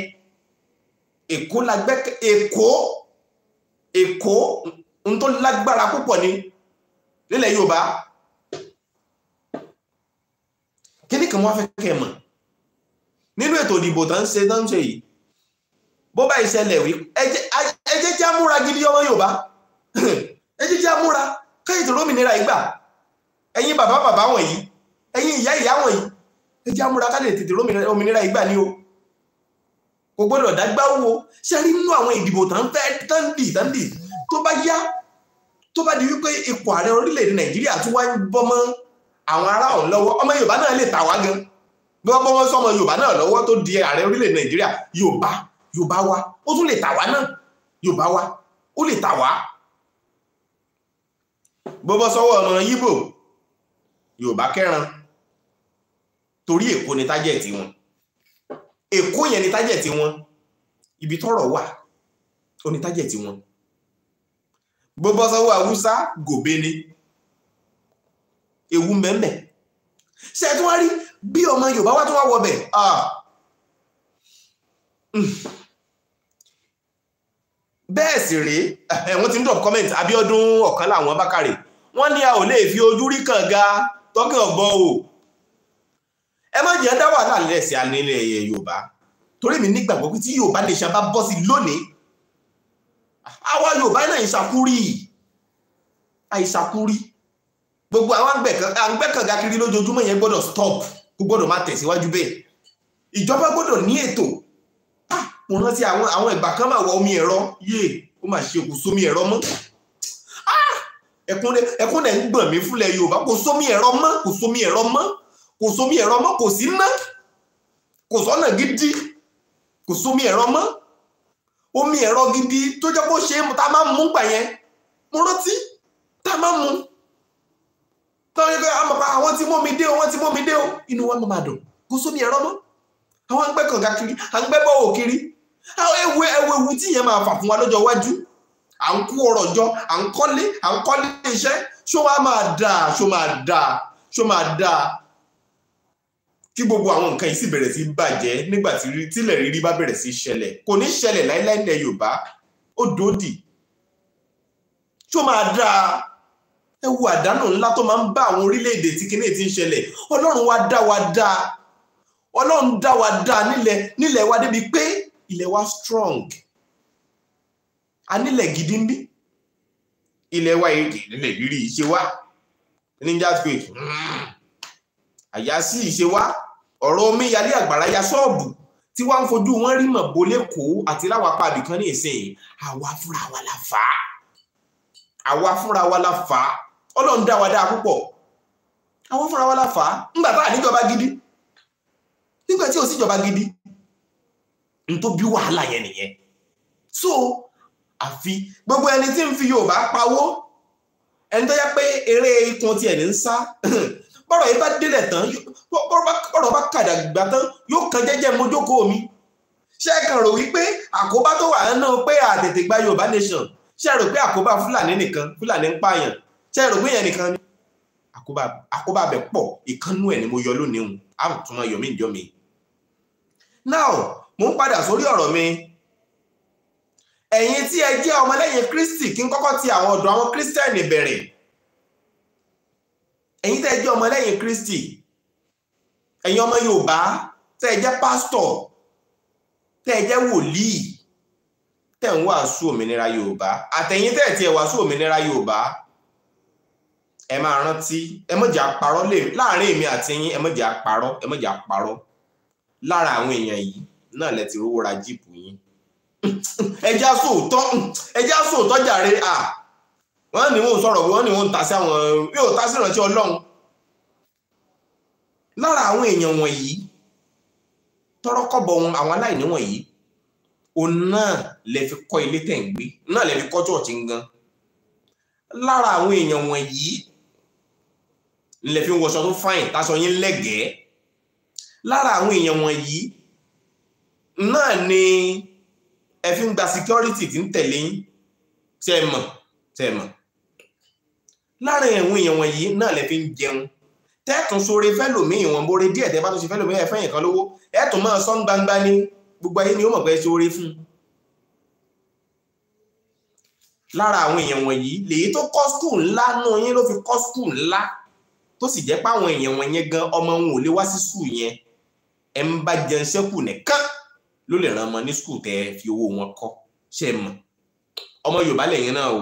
èkó la gbẹ́kẹ̀ èkó èkó n tó lágbára púpọ̀ ni nílẹ̀ Yorùbá kíní kan wọ́n fẹ́ kẹ́ mọ̀ nínú ètò ìdìbò tó ń ṣe tó ń ṣe yìí bó bá ìṣẹ̀lẹ̀ wí ẹ jẹ́ a á múra gidi ọmọ Yorùbá ẹ jẹ́ kí á múra káyọ̀ tó lómìnira ìgbà ẹ̀yin bàbá bàbá wọ̀nyí ẹ̀yin ìyá ìyá wọ̀nyí ẹ jẹ́ a múra ká lè tètè lómìnira ìgbà ni o kò gbọ́dọ̀ dágbà wo ṣe rí nínú àwọn ìdìbò tán fẹ́ tán dì tán dì tó bá yá tó bá di wípé ipò ààrẹ orílẹ̀-èdè nàìjíríà tún wá ń bọ́ mọ́ àwọn ará ọ̀hún lọ́wọ́ ọmọ yorùbá náà lè tà wá gan bí wọ́n bọ́ sọmọ yorùbá náà lọ́wọ́ tó di ààrẹ orílẹ̀-èdè nàìjíríà yorùbá yorùbá wa ó tún lè tà náà yorùbá wa ó lè tà wá. bó bọ́ sọ́wọ́ ọ̀nà yíbò yorùbá kẹran torí èkó ni tájẹ̀tì wọn èkó yẹn ni tájẹ̀tì wọn ibi tọ́rọ̀ wà ó ni tájẹ̀tì wọn bó bọ́ sọ́wọ́ haúsá gòbé ni ewu mẹ́mẹ́ ṣe tí wọ́n rí bí ọmọ yorùbá wá tó wá wọbẹ̀ hmm. bẹ́ẹ̀ sì rèé wọ́n ti ń drop comment Abíọ́dún ọ̀kan làwọn bákàrè wọ́n ní a ò lè fi ojú rí kànga tọ́kẹ́ ọ̀gbọ́n o ẹ má jẹ́ dá wàhálà lẹ́sẹ̀ nílẹ̀ yorùbá torí mi nígbàgbọ́ pé tí yorùbá lè ṣe abá bọ́ sí lónìí àwa Yorùbá náà ìṣàkúrì àìṣàkúrì gbogbo àwọn àgbẹ̀kànga kiri lójoojúmọ́ yẹn gbọ́dọ̀ stop kó gbọ́dọ̀ má tẹ̀síwájú bẹ́ẹ̀ ìjọba gbọ́dọ̀ ní ètò mo rántí àwọn ìgbà kan máa wọ omi ẹ̀rọ yé ó máa ṣe kò sómi ẹ̀rọ mọ́ ẹkún rẹ̀ ń gbọ̀n mí fúnlẹ̀ Yorùbá kò sómi ẹ̀rọ mọ́ kò sómi ẹ̀rọ mọ́ kò sómi ẹ̀rọ mọ́ kò sí ná kò sọ́nà gidi kò sómi ẹ̀rọ mọ́ omi ẹ̀rọ gidi tó jẹ́ kó ṣe é mu tá a máa ń mú gbà yẹn mo rántí tá a máa ń ah, mú tọ́wọ́n yẹn pé àwọn tí mómi dé o wọ́n ti mómi dé o inú wọn máa dùn kó sómi ẹ̀rọ mọ́ àwọn àgbẹ̀ kànga kiri àgbẹ̀ bọ́wọ̀ kiri àwọn ewu ewu ewu tí yẹn máa fà fún wa lọ́jọ́ iwájú à ń kó ọrọ̀ jọ à ń kọ́lé à ń kọ́lé iṣẹ́ ṣó máa dáa ṣó máa dáa ṣó máa dáa tí gbogbo àwọn nǹkan yìí sì bẹ̀rẹ̀ sí bàjẹ́ nígbà tílẹ̀ rírí bá bẹ̀rẹ̀ sí ṣẹlẹ̀ kò ní ṣẹlẹ̀ láíláí ilẹ̀ Yorùbá ó dòdì tí ó máa dáa ẹ wo àdánù ńlá tó máa ń bá àwọn orílẹ̀-èdè tí kinní ti ń ṣẹlẹ̀ Ọlọ́run wa dá wa dáa Ọlọ́run dá wa dáa nílẹ̀ nílẹ̀ wa débi pé ilẹ̀ wa strong a nílẹ̀ gidi ń bí ilẹ̀ wa èdè nílẹ̀ rírí ṣe wá ninja space hmm. àyà sí ìṣe wá ọ̀rọ̀ omíyalé àgbàrá ya ṣọ́ọ̀bù tí wọ́n ń fojú wọn rí mọ̀bó lẹ́kọ̀ọ́ àti láwọn apá abìkan ní ìsìn àwa fúnra wa la fà á àwa fúnra wa la fà á ọlọ́run dá wa dáa púpọ̀ àwa fúnra wa la fà á nígbà tá à níjọba gidi nígbà tí ò síjọba gidi n tó bí wàhálà yẹn nìyẹn so àfi gbogbo ẹni tí ń fi Yorùbá pawó ẹni tó yẹ pé eré ikun tiẹ̀ ní ń sá bọ́rọ̀ yìí bá délẹ̀ tán bọ́rọ̀ bá kàdàgbà tán yóò kan jẹ́jẹ́ mojókòó mi ṣé ẹ kàn rò wípé àkóbá tó wà náà pé àtètè gba Yorùbá nation ṣé ẹ rò pé àkóbá Fúlàní nìkan Fúlàní ń pààyàn ṣé ẹ rò pé yẹn nìkan ni àkóbá bẹ̀ pọ̀ ìkànnú ẹ̀ ni mo yọ lónìí hùn àtúntò yọmí ìjọ now mo ń padà sórí ọ̀rọ̀ mi ẹ̀yin tí ẹ jẹ́ ọmọlẹ́yìn Kristi kí n kọ́kọ́ ti àwọn ọ̀dọ́ àwọn Kírísítẹ́nì bẹ̀rẹ̀ ẹ̀yin tẹ́ jẹ́ ọmọlẹ́yìn Kristi ẹ̀yin ọmọ Yorùbá tẹ́ jẹ́ pásítọ̀ tẹ́ jẹ́ wòlíì tẹ́ ń wàásù òmìnira Yorùbá àtẹ̀yin tẹ́ tiẹ̀ wàásù òmìnira Yorùbá ẹ máa rántí ẹ mọ̀jà parọ́ láàrin èmi àti yín ẹ mọ̀jà parọ́ ẹ mọ̀jà parọ́ lára àwọn èèyàn yìí náà lẹ ti rówó ra jíìpù yín ẹjá sóòótọ́ ẹjá sóòótọ́ jàre à. Ah wọ́n ní wọ́n sọ̀rọ̀ wọ́n ní wọ́n ta sí àwọn yóò ta sí ìrántí ọlọ́run lára àwọn èèyàn wọ̀nyí tọ́rọ́kọ̀bọ̀ wọn àwọn aláìní wọ̀nyí òun náà lè fi kọ́ ilé tẹ̀ ń gbé náà lè fi kọ́ ṣọ́ọ̀ṣì ń gan lára àwọn èèyàn wọ̀nyí lè fi wọṣọ tó fáìn táṣọ yín lẹ́gẹ̀ẹ́ lára àwọn èèyàn wọ̀nyí náà ni ẹ fi ń gba security tí ń tẹ̀lé yín ṣe é lára ẹ̀wọ̀n èèyàn wọ̀nyí náà lè fi ń jẹun tẹ́ẹ̀tún sóore fẹ́lòmíì wọn bóore díẹ̀ tẹ́ bá tún ṣe fẹ́lòmíì ẹ̀fẹ́ yẹn kan lówó ẹ̀tún máa sọ́n gbangba ní gbogbo ayé ni ó mọ̀ pé fún lára àwọn èèyàn wọ̀nyí lèyí tó kọ́ skul ńlá náà yín ló fi kọ́ skul ńlá tó sì jẹ́ pé àwọn èèyàn wọ̀nyẹn gan ọmọ wọn ò lè wá sí skul yẹn ẹ̀ ń bá jẹun ṣẹ́kù nìkan ló lè ran ọmọ ní skul tẹ́ fi owó wọn kọ́ ṣe mọ̀ ọmọ Yorùbá lẹ́yìn náà o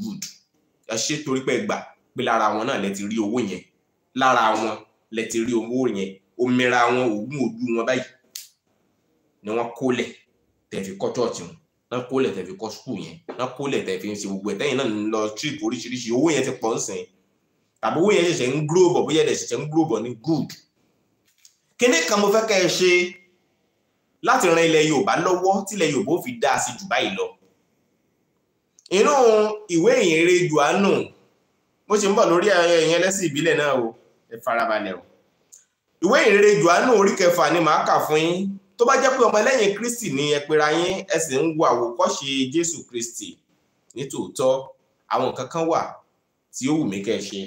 good ẹ ṣe torí pé gbà pé lára wọn náà lẹ ti rí owó yẹn lára wọn lẹ ti rí owó yẹn omira wọn oògùn ojú wọn báyìí ni wọn kólẹ̀ tẹ́ fi kọ́ chọọchì wọn náà kólẹ̀ tẹ́ fi kọ́ skul yẹn náà kólẹ̀ tẹ́ fi ń ṣe gbogbo ẹ̀ tẹ̀yìn náà ń lọ trip oríṣiríṣi owó yẹn ti pọ̀ ń sìn tàbí owó yẹn ṣẹ̀ṣẹ̀ ń grow bọ̀ bóyá ẹ̀ ṣẹ̀ṣẹ̀ ń grow bọ̀ ní good kíní kan mo fẹ́ kẹ́ ẹ ṣe láti ran ilẹ̀ Yorùbá lọ́wọ́ tílẹ̀ Yorùbá ó fi dáa sí jù báyìí lọ inú ìwé ìyìnrere Jòhánù mo ṣe ń bọ̀ lórí ẹ̀yìn ẹlẹ́sìn ìbílẹ̀ náà o ẹ farabalẹ̀ o ìwé ìyìnrere Jòhánù orí kẹfà ni màá kà fún yín tó bá jẹ́ pé ọmọ ẹlẹ́yìn Kristi ni ẹ pera yín ẹ sì ń wo àwòkọ́ṣe Jésù Kristi nítòótọ́ àwọn nǹkan kan wà tí ó wù mí kẹ́ ẹ ṣe.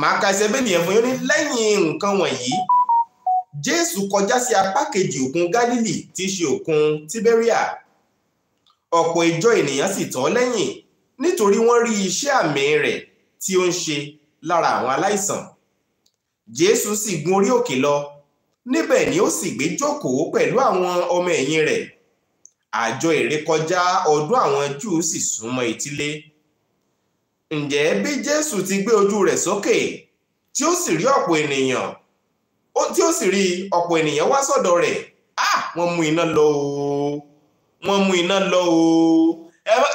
màá ka ẹsẹ̀ bẹ́ẹ̀ nìyẹn fún yín ní lẹ́yìn nǹkan wọ̀nyí jésù kọjá sí apá kejì òkun gálílì tí í ṣe òkun tíbéríà ọ̀pọ̀ ìjọ ènìyàn sì tọ́ lẹ́yìn nítorí wọ́n rí iṣẹ́ àmì rẹ̀ tí ó ń ṣe lára àwọn aláìsàn jésù sì gun orí òkè lọ níbẹ̀ ni ó sì gbé jókòó pẹ̀lú àwọn ọmọ ẹ̀yìn rẹ̀ àjọ ìrékọjá ọdún àwọn júù sì súnmọ́ etílé ǹjẹ́ bí jésù ti gbé ojú rẹ̀ sókè tí ó sì rí ọ̀pọ̀ ènìyàn tí ó sì rí ọ̀pọ̀ ènìyàn wá sọ́dọ̀ rẹ̀ ah wọ́n mú iná lọ o wọ́n mú iná lọ o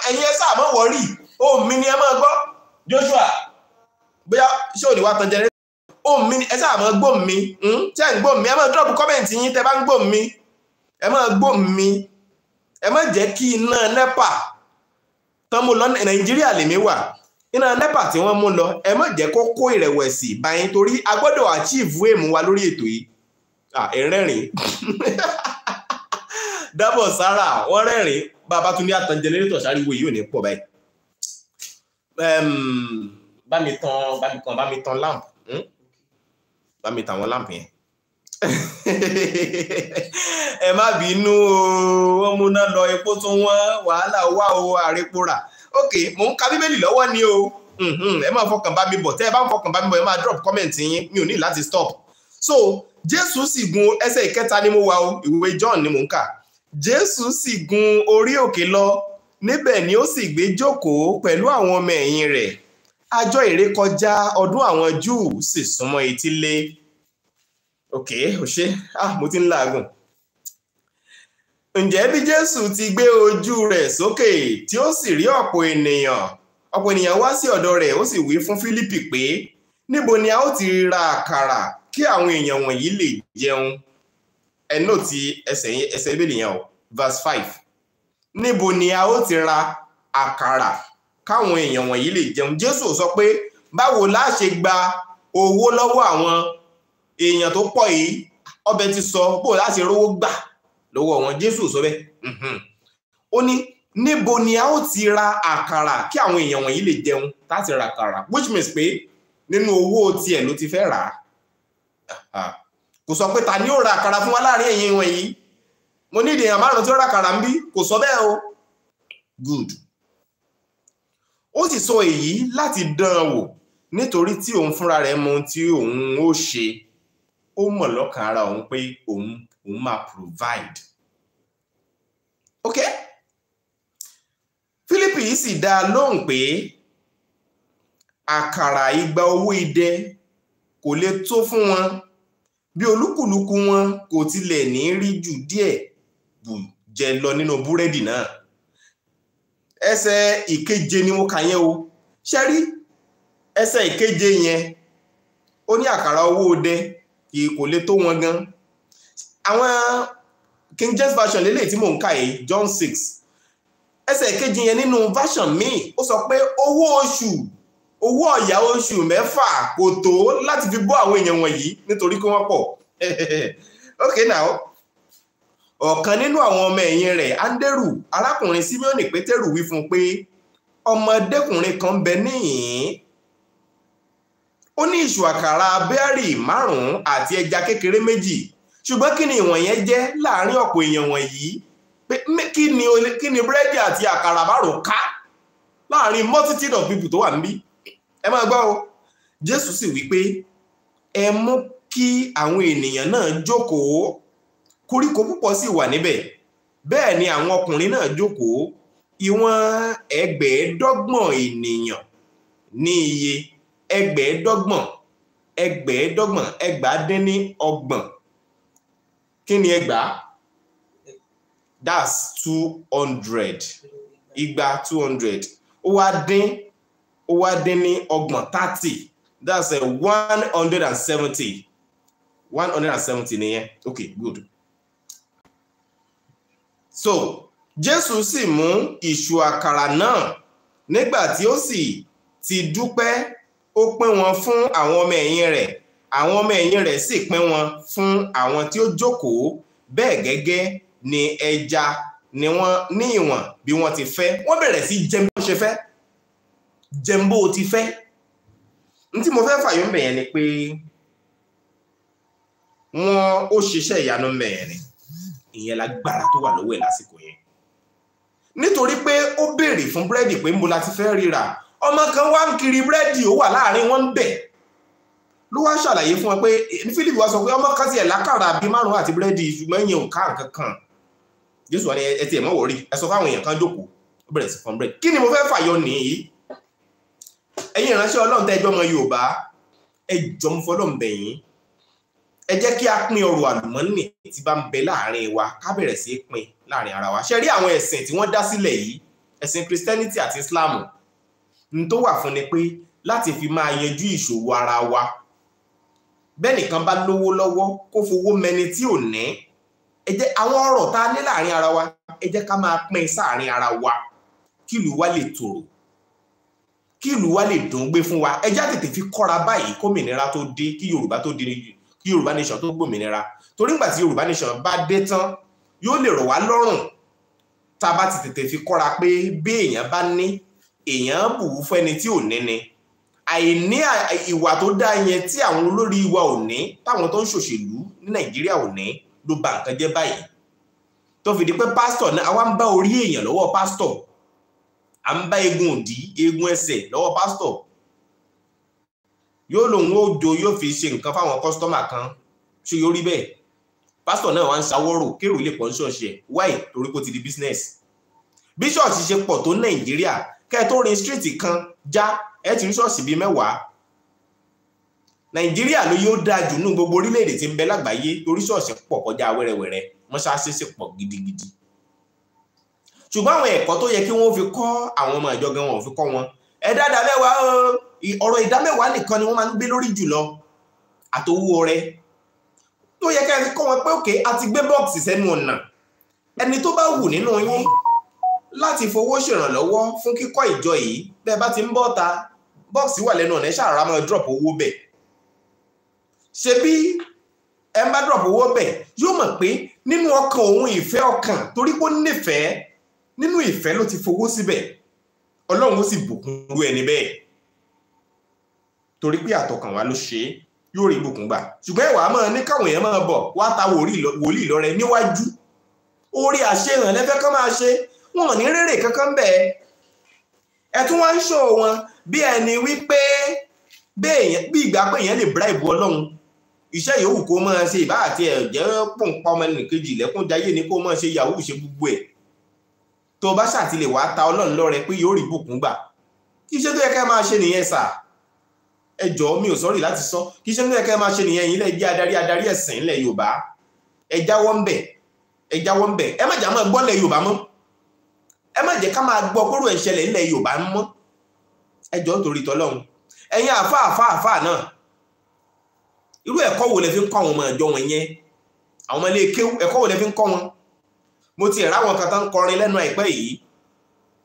ẹ̀yin ẹ sáà mọ̀ wọ́rì ohun mi ni ẹ máa gbọ́ Joshua bóyá ṣé ò ní wá tan jẹrẹ ohun mi ni ẹ sáà mọ̀ gbóhùn mi hmm? ṣé ń gbóhùn mi ẹ máa drop comment yín tẹ bá ń gbóhùn mi ẹ máa gbóhùn mi ẹ má jẹ́ kí iná nepa tán mo lọ Nàìjíríà lèmi wà iná nepa tí wọ́n mú lọ ẹ má jẹ́ kó kó ìrẹ̀wẹ̀sì báyìí torí a gbọ́dọ̀ achieve aim wa lórí ètò yìí Sara, Dábọ̀ Sárà wọ́n rẹ́rìn Babátúndé àtàn jẹnẹrétọ̀ sáríwò yìí ò ní pọ̀ báyìí bá mi tan bá mi kan bá tan lamp hmm? bá mi tàn wọ́n lamp yẹn ẹ má bínú o wọ́n múná lọ epo tó wọ́n wàhálà wà o àrèpo rà ok mò ń ka bíbélì lọ́wọ́ ni o hmm, hmm, ẹ máa fọkàn bá mi bọ̀ tẹ́ ẹ bá ń fọkàn bá mi bọ̀ ẹ máa drop comment yín mi ò ní láti stop so jésù sì gun ẹsẹ̀ ìkẹta ni mo wà o ìwé john ni mò ń kà jésù sì gun orí òkè lọ níbẹ̀ ni ó sì gbé jókòó pẹ̀lú àwọn ọmọ ẹ̀yìn rẹ̀ àjọ ìrékọjá ọdún àwọn júù sì súnmọ́ etílé ok ò ah mo ti ń làágùn ǹjẹ́ bí jésù ti gbé ojú rẹ̀ sókè tí ó sì rí ọ̀pọ̀ ènìyàn ọ̀pọ̀ ènìyàn wá sí ọ̀dọ̀ rẹ̀ ó sì wí fún fílípì pé níbo ni a ó ti ra àkàrà kí àwọn èèyàn wọ̀nyí lè jẹun ẹ náà ti ẹsẹ̀ ẹsẹ̀ ìbéèrè yẹn o verse five níbo ni a ó ti ra àkàrà káwọn èèyàn wọ̀nyí lè jẹun jésù sọ pé báwo la ṣe gba owó lọ́wọ́ àwọn èèyàn tó pọ̀ yìí ọbẹ̀ ti sọ bó láti rówó gbà lọ́wọ́ wọn jésù sọ bẹ́ẹ̀ mm-hmm. ó ní níbo ni a ó ti ra àkàrà kí àwọn èèyàn wọ̀nyí lè jẹun láti ra àkàrà which means pé nínú owó tiẹ̀ ló ti fẹ́ rà á kò sọ pé ta ni ó ra àkàrà fún wa láàrin ẹ̀yin wọ̀nyí mo ní ìdèyàn márùn tí ó ra àkàrà ń bí kò sọ bẹ́ẹ̀ o good ó sì sọ èyí láti dán an wò nítorí tí òun fúnra rẹ̀ mọ ohun tí òun ó ṣe ó mọ̀ lọ́kàn ara òun pé òun òun máa provide okay? Fílípì yìí sì dá a lóhùn pé àkàrà igba owó idẹ kò lè tó fún wọn bí olúkúlùkù wọn kò tilẹ̀ ní rí jù díẹ̀ bù jẹ lọ nínú búrẹ́dì náà ẹsẹ̀ ìkeje ni mo kà yẹn o ṣe rí ẹsẹ̀ ìkeje yẹn ó ní àkàrà owó ọdẹ kì í kò lè tó wọn gan àwọn King James version lélẹ̀ tí mò ń kà yìí John six ẹsẹ̀ kejì yẹn nínú version míì ó sọ pé owó oṣù owó ọ̀yà oṣù mẹ́fà kò tó láti fi bọ́ àwọn èèyàn wọ̀nyí nítorí kí wọ́n pọ̀ okay now ọ̀kan nínú àwọn ọmọ ẹ̀yìn rẹ̀ anderu arákùnrin simeoni pétérù wí fún un pé ọmọdékùnrin kan bẹ níhìn ó ní ìṣù àkàrà bẹ́ẹ̀rì márùn-ún àti ẹja kékeré méjì ṣùgbọ́n kí ni ìwọ̀n yẹn jẹ́ láàrin ọ̀pọ̀ èèyàn wọ̀nyí pé kí ni kí ni búrẹ́dì àti àkàrà bárò ká láàrin multitude of people tó wà níbí ẹ máa gbọ́ o Jésù sì wípé ẹ mú kí àwọn ènìyàn náà jókòó koríko púpọ̀ sì wà níbẹ̀ bẹ́ẹ̀ ni àwọn ọkùnrin náà jókòó ìwọ̀n ẹgbẹ̀ẹ́dọ́gbọ̀n ènìyàn ní iye ẹgbẹ̀ẹ́dọ́gbọ̀n ẹgbẹ̀ẹ́dọ́gbọ̀n ẹgbàá dín ní ọgbọ̀n kí ni ẹgbàá that's two hundred igba two hundred ó wá dín ó wá dín ní ọgbọ̀n thirty that's one hundred and seventy one hundred and seventy nìyẹn okay good so jésù sì mú ìṣù àkàrà náà nígbà tí ó sì ti dúpẹ́ ó pín wọn fún àwọn ọmọ ẹ̀yìn rẹ̀ àwọn ọmọ ẹ̀yìn rẹ̀ sì pín wọn fún àwọn tí ó jókòó bẹ́ẹ̀ gẹ́gẹ́ ni ẹja ni wọ́n ní ìwọ̀n bí wọ́n ti fẹ́ wọ́n bẹ̀rẹ̀ sí jẹun bó ṣe fẹ́ jẹun bó ti fẹ́ n tí mo fẹ́ fàyọ̀ mbẹ̀ ni pé wọ́n ó ṣiṣẹ́ ìyanu mẹ́rin ìyẹn lágbára tó wà lọ́wọ́ ẹ̀ lásìkò yẹn nítorí pé ó béèrè fún búrẹ́dì pé ń bo la ti fẹ́ ríra ọmọ kan wá ń kiri búrẹ́dì ó wà láàrin wọn ń bẹ̀ ló wá ṣàlàyé fún wọn pé ní Philip wá sọ pé ọmọ kan tiẹ̀ lákàrà bíi márùn-ún àti búrẹ́dì ṣùgbọ́n ìyẹn ò ká nǹkan kan Jésù wá ní ẹ tiẹ̀ mọ́ wọ̀rí ẹ sọ fáwọn èèyàn kan jókòó ó bẹ̀rẹ̀ sí fún búrẹ́dì kí ni mo fẹ́ fàyọ nìyí ẹ̀yin ìránṣẹ́ Ọlọ́run tẹ́jọ́ ọmọ Yorùbá ẹ jọ ń fọlọ́run bẹ̀yìn ẹ jẹ́ kí a pín ọrọ̀ àlùmọ́nì tí bá ń bẹ láàrin wa ká bẹ̀rẹ̀ sí í láàrin ara wa ṣe rí àwọn ẹ̀sìn tí wọ́n dá sílẹ̀ yìí ẹ̀sìn Christianity àti Islam n tó wà fún ni pé láti fi máa yanjú ìṣòwò ara wa bẹ́nìkan bá lówó lọ́wọ́ kó fowó mẹni tí ò ní ẹ jẹ́ àwọn ọ̀rọ̀ tá a ní láàrin ara wa ẹ jẹ́ ká máa pín sáàrin ara wa kí ìlú wa lè tòrò kí ìlú wa lè dùn gbé fún wa ẹ já tètè fi kọ́ra báyìí kómìnira tó dé kí Yorùbá tó di kí Yorùbá nation tó gbòmìnira torí ńgbà tí Yorùbá nation bá dé tán yóò lè rọ̀ wá lọ́rùn tá a bá ti tètè fi kọ́ra pé bí èèyàn bá ní èèyàn bù ú fẹ́ni tí ò ní ni àìní ìwà tó dáa yẹn tí àwọn olórí wa ò ní táwọn tó ń ṣòṣèlú ní nàìjíríà ò ní ló ba nǹkan jẹ́ báyìí tó fi di pé pásítọ̀ náà àwa ń bá orí èèyàn lọ́wọ́ pásítọ̀ à ń bá egun òdì egun ẹsẹ̀ lọ́wọ́ pásítọ̀ yóò lòun ó jo yóò fi ṣe nǹkan fáwọn kọ́sítọ́mà kan ṣe yóò rí bẹ́ẹ̀ pásítọ̀ náà wá ń ṣàwọ́rò kérò lè pọ̀ ní ṣọ́ọ̀ṣì ẹ̀ wáì torí kó ti di business bí ṣọ́ọ̀ṣì ṣe pọ̀ tó nàìjíríà kẹ́ẹ̀ tó rin street kan já ẹ ti rí ṣọ́ọ̀ṣì bíi mẹ́wàá nàìjíríà ló yóò dáa jù nínú gbogbo orílẹ̀-èdè tí ń bẹ lágbàáyé torí ṣọ́ọ̀ṣì pọ̀ kọjá wẹ́rẹ́wẹ́rẹ́ mọ́ṣáláṣí sì pọ̀ gidigidi ṣùgbọ́n àwọn ẹ̀kọ́ tó yẹ kí wọ́n fi kọ́ àwọn ọmọ ìjọ gan wọn fi kọ́ wọn ẹ dáadáa mẹ́wàá ọ̀rọ̀ ìdámẹ́wàá nìkan ni wọ́n máa ń gbé lórí jùlọ àtowó rẹ tó yẹ ká ẹ kọ́ wọn pé òkè a ti gbé bọ́ọ̀sì sẹ́nu ọ̀nà ẹni tó bá wù nínú yín láti fowó ṣèrànlọ́wọ́ fún kíkọ́ ìjọ yìí bẹ́ẹ̀ bá ti ń bọ́ ta bọ́ọ̀sì wà lẹ́nu ọ̀nà ẹ ṣáà drop owó bẹ̀ ṣe bí ẹ bá drop owó bẹ̀ yóò mọ̀ pé nínú ọkàn òun ìfẹ́ ọkàn torí pé ó nífẹ̀ẹ́ nínú ìfẹ́ ló ti fowó síbẹ̀ ọlọ́run ó sì bùkún rú ẹni bẹ́ẹ̀ torí pé àtọkàn wa ló ṣe é yóò rí ìbùkún gbà ṣùgbọ́n ìwà máa ní káwọn èèyàn máa bọ̀ wá ta wòlíì lọ́rẹ níwájú orí àṣehàn lẹ́fẹ́ kan máa ṣe wọn ò ní rere kankan bẹ́ẹ̀ ẹ tún wá ń ṣọ́ wọn bí ẹni wípé bí ìgbà pé èèyàn lè bra ìbú ọlọ́run iṣẹ́ yòówù kó máa ṣe ìbá àti ẹ̀jẹ̀ pòǹpa ọmọ ẹnìkejì lẹ́kùn jayé ni kó máa ṣe yahoo ṣe gbogbo ẹ̀ tó bá ṣàtìlẹ̀ wàá ta ọlọ́run lọ́rẹ pé yóò rí bùkún gbà kí iṣẹ́ tó yẹ ká máa ṣe nìyẹn sà ẹ jọ̀ọ́ mi ò sọ́rí láti sọ kí iṣẹ́ tó yẹ ká máa ṣe nìyẹn yìí lẹ́ jẹ́ adarí adarí ẹ̀sìn ilẹ̀ Yorùbá ẹ jáwọ́ ń bẹ̀ ẹ jáwọ́ ń bẹ̀ ẹ má jẹ́ ká máa gbọ́ kóró ẹ̀ṣẹ̀lẹ̀ ilẹ̀ Yorùbá mọ́ ẹjọ́ nítorí tọ́lọ́hún ẹ̀yin àfa àfa àfa náà irú ẹ̀kọ́ wo lẹ fi ń kọ́ àwọn ọmọ ìjọ wọn yẹn àwọn ọmọ ilé kéwú ẹ̀kọ́ wo lẹ fi ń kọ́ wọn mo ti ẹ̀rá àwọn kan tó ń kọrin lẹ́nu àìpẹ́ yìí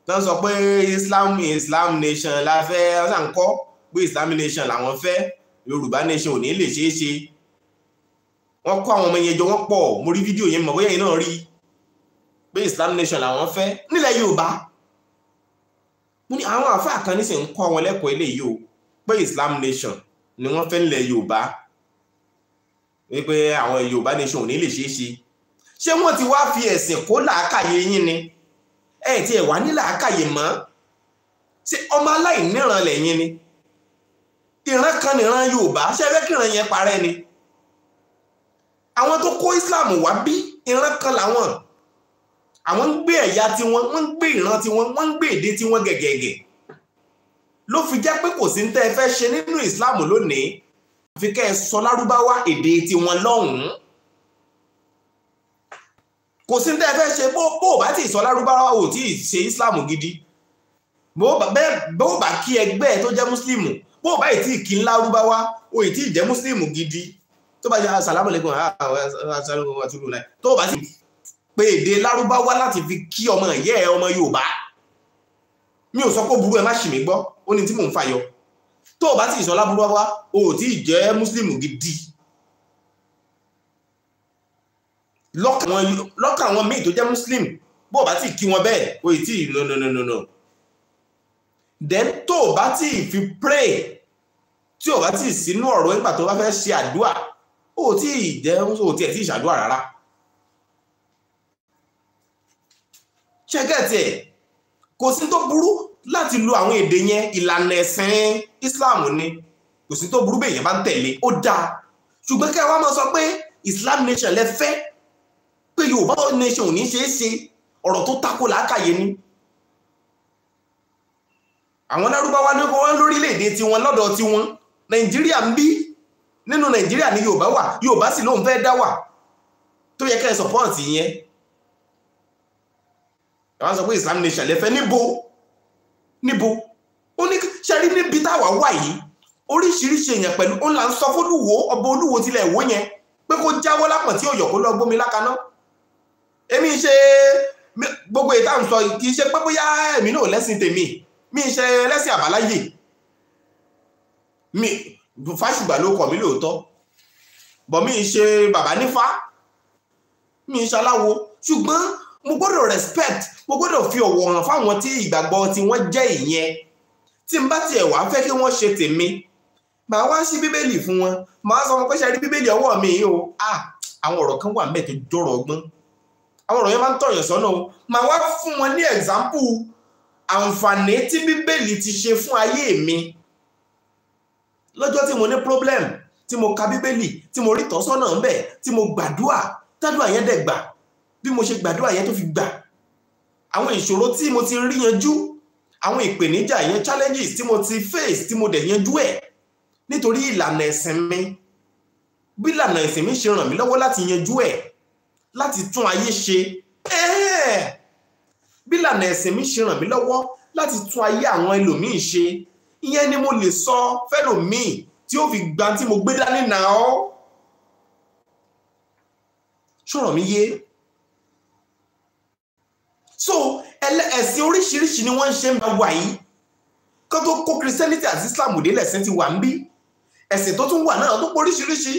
tó ń sọ pé Islam Islam nation la fẹ́ ọ̀sà ń kọ́ pé Islam nation làwọn fẹ́ Yorùbá nation ò ní lè ṣeé ṣe wọ́n kọ́ àwọn ọmọ yẹn jọ wọ́n pọ̀ mo rí fídíò yẹn mọ̀ bóyá yẹn náà rí pé Islam nation làwọn fẹ́ nílẹ̀ Yorùbá mo ní àwọn àáfàá kan ní sì ń kọ́ wọn lẹ́kọ̀ọ́ eléyìí o pé Islam nation ni wọ́n fẹ́ nílẹ̀ Yorùbá wípé àwọn Yorùbá nation ò ní lè ṣeé ṣe ṣé wọ́n ti wá fi ẹ̀sìn kó làákàyè yín ni ẹ̀ tí ẹ̀ wá ní làákàyè mọ́ ṣé ọmọ aláìníran lẹ́yìn ni ìran kan nìran Yorùbá ṣé ẹ fẹ́ kí yẹn parẹ́ ni àwọn tó kó Islam wá bí ìran kan làwọn àwọn ń gbé ẹ̀yà tiwọn wọ́n ń gbé ìran tiwọn wọ́n ń gbé èdè tiwọn gẹ̀gẹ̀gẹ̀ ló fi jẹ́ pé kò sí ní tẹ́ ẹ fẹ́ ṣe nínú Islam lónìí àfi kẹ́ ẹ sọ lárúbáwá èdè tiwọn lọ́hùn-ún kò sí ní tẹ́ ẹ fẹ́ ṣe bó bó bá ti sọ lárúbáwá ò tí ì ṣe Islam gidi bó bá kí ẹgbẹ́ ẹ tó jẹ́ mùsùlùmù bó bá ìtì kí ń lárúbáwá ò ì tí ì jẹ́ mùsùlùmù gidi tó bá ṣe asàlámù lẹ́kùn àṣàlùmù àtúrù láì tó bá pé èdè lárúbáwá láti fi kí ọmọ ìyá ẹ ọmọ yorùbá mi ò sọ pé burú ẹ má ṣì mí gbọ́ ó ní tí mò ń fàyọ tó o bá sì sọ lárúbáwá o ò tí ì jẹ́ mùsùlùmù gidi lọ́kàn àwọn míì tó jẹ́ mùsùlùmù bó o bá sì kí wọn bẹ́ẹ̀ o ì tí ì no no no no then tó o bá sì fi pray tí o bá sì sínú ọ̀rọ̀ nígbà tó o bá fẹ́ ṣe àdúrà o ò tí ì jẹ́ o ò tí ì ṣàdúrà rárá. ṣẹ́gẹ̀tì ẹ̀ kò sí tó burú láti lo àwọn èdè yẹn ìlànà ẹ̀sìn Islam ni kò sí tó burú bẹ́ẹ̀ yẹn bá ń tẹ̀lé ó dáa ṣùgbọ́n kẹ́ máa sọ pé Islam nation lẹ fẹ́ pé Yorùbá nation ò ní ṣeé ṣe ọ̀rọ̀ tó tako làákàyè ni àwọn lárúbáwá ní wọ́n lórílẹ̀-èdè tiwọn lọ́dọ̀ tiwọn Nàìjíríà ń bí nínú Nàìjíríà ni Yorùbá wà Yorùbá sì lóun fẹ́ dá wà tó yẹ kẹ́ ẹ sọ̀pọ́ọ̀tì yẹn àwọn sọ pé Islam nation lẹ́fẹ́ níbo níbo ó ní ṣe rí níbi táwa wà yìí oríṣiríṣi èèyàn pẹ̀lú ó ń là ń sọ fólúwo ọba olúwo tilẹ̀ ìwó yẹn pé kó jáwọ́ lápọ̀ tí ọ̀yọ́ kó lọ gbómi lákaná èmi ṣe gbogbo ìta ń sọ kì í ṣe pé bóyá èmi náà lẹ́sìn tèmi mi ṣe lẹ́sìn àbáláyé mi fáṣùgbà ló kọ̀ mí lóòótọ́ bọ̀ mi ṣe bàbá nífá mi ṣe ṣùgbọ́n mo gbọ́dọ̀ respect mo gbọ́dọ̀ fi ọ̀wọ̀ hàn fáwọn tí ìgbàgbọ́ tí wọ́n jẹ́ ìyẹn tí n bá tiẹ̀ wá fẹ́ kí wọ́n ṣe tèmi màá wá sí bíbélì fún wọn màá sọ wọn pé ṣe rí bíbélì ọwọ́ mi yìí o àwọn ọ̀rọ̀ kan wà mẹ́ẹ̀ tó jọ̀rọ̀ ọgbọ́n àwọn ọ̀rọ̀ yẹn máa ń tọ̀yàn sọ́nà o màá wá fún wọn ní ẹ̀zámpù àǹfààní tí bíbélì ti ṣe fún ayé mi lọ́jọ́ tí mo ní problem tí mo ka bíbélì tí mo rí tọ́sọ́nà ńbẹ̀ tí mo gbàdúà tádùà yẹn dẹ̀ gbà bí mo ṣe gbàdúà yẹn tó fi gbà àwọn ìṣòro tí mo ti rí yanjú àwọn ìpèníjà yẹn challenges tí mo ti face tí mo dẹ̀ yanjú ẹ̀ nítorí ìlànà ẹ̀sìn mi bí ìlànà ẹ̀sìn mi ṣe ràn mí lọ́wọ́ láti yanjú ẹ̀ láti tún ayé ṣe bí ìlànà ẹ̀sìn mi ṣe ràn mí lọ́wọ́ láti tún ayé àwọn ẹlòmíì ṣe ìyẹn ni mo lè sọ fẹ́lòmíì tí ó fi gba mo gbé dání náà ṣọ̀rọ̀ mi yé so ẹ̀sìn oríṣiríṣi ni wọ́n ń ṣe wà yìí kó tó kó christianity àti islam dé lẹ̀sìn ti wà ń bí ẹ̀sìn tó tún wà náà tó pọ̀ oríṣiríṣi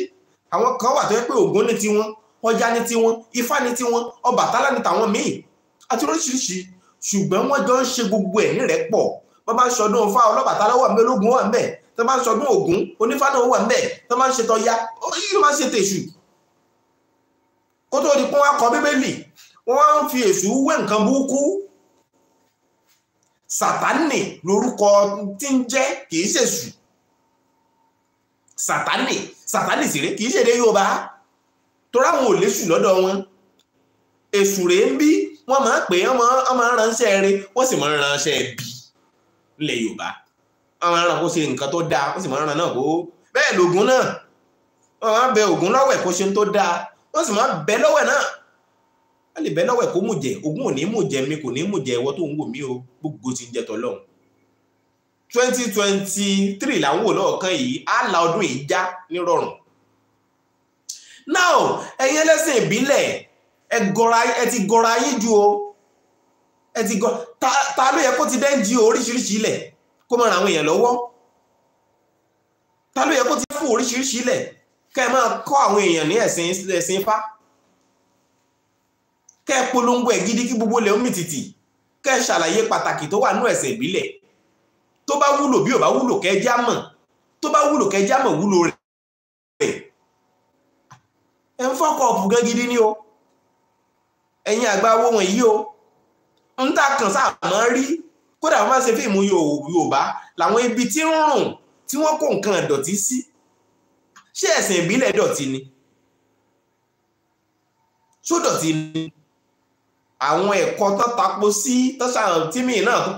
àwọn kan wà tó yẹ pé ògún ní tiwọn ọya ní tiwọn ifá ní tiwọn ọbàtálá ní tàwọn míì àti oríṣiríṣi ṣùgbọ́n wọ́n jọ ń ṣe gbogbo ẹ̀ nírẹ́pọ̀ wọ́n bá ń ṣọdún ọfá ọlọ́bàtálá wà ń bẹ ológun wà ń bẹ tó bá ń ṣọdún ògún onífá náà wà ń bẹ tó bá ń ṣe tọ́ya ó yí ló máa ń ṣe tèṣù kó tó di pọ́n wá kọ bíbélì wọ́n ń fi èṣù wé nǹkan burúkú sátánì lórúkọ tí ń jẹ́ kìí ṣèṣù sátánì sátánì sì rèé kìí ṣèdè Yorùbá tó ráwọn ò léṣù lọ́dọ̀ wọn èṣù rèé ń bí wọ́n máa pè é wọ́n máa ránṣẹ́ rẹ wọ́n sì máa ránṣẹ́ bí ilẹ̀ Yorùbá wọ́n máa ràn kó ṣe nǹkan tó dáa wọ́n sì máa ràn náà kó bẹ́ẹ̀ lògùn náà wọ́n máa bẹ ògùn lọ́wẹ̀ kó ṣe tó dáa wọ́n sì máa bẹ lọ́wẹ̀ náà a lè bẹ lọ́wọ́ ẹ̀ kó mú jẹ ogún ò ní mú jẹ mi kò ní mú jẹ ìwọ tó ń wò mí o gbogbo ti ń jẹ tọ́lọ́hún twenty twenty three là ń wò lọ́ọ̀kan yìí á la ọdún yìí já nírọ̀rùn now ẹ̀yin ẹlẹ́sìn ìbílẹ̀ ẹ gọra ẹ ti gọra yín ju o ẹ ti gọ ta ta ló yẹ kó ti dẹ́ńjì oríṣiríṣi ilẹ̀ kó máa ràn àwọn èèyàn lọ́wọ́ ta ló yẹ kó ti fún oríṣiríṣi ilẹ̀ kẹ́ ẹ máa kọ́ àwọn èèyàn ní ẹ̀sìn ẹ̀sìn ifá kẹ́ polongo ẹ̀ gidi kí gbogbo lẹ̀ ń mì tìtì kẹ́ ẹ ṣàlàyé pàtàkì tó wà nú ẹ̀sẹ̀ ìbílẹ̀ tó bá wúlò bí ò bá wúlò kẹ́ já mọ̀ tó bá wúlò kẹ́ já mọ̀ wúlò rẹ̀ ẹ̀ ń fọ́kọ̀ ọ̀pù gan gidi ni o ẹ̀yin àgbà owó wọn yìí o ń ta kàn sáà mọ́ rí kódà wọ́n máa ń ṣe fíìmù Yorùbá làwọn ibi tí ń rùn tí wọ́n kó nǹkan ìdọ̀tí sí ṣé ẹ̀sìn ìbílẹ̀ dọ̀tí ni ṣó dọ̀tí ni àwọn ẹ̀kọ́ tó tapo sí tọ́sàn tímì náà tó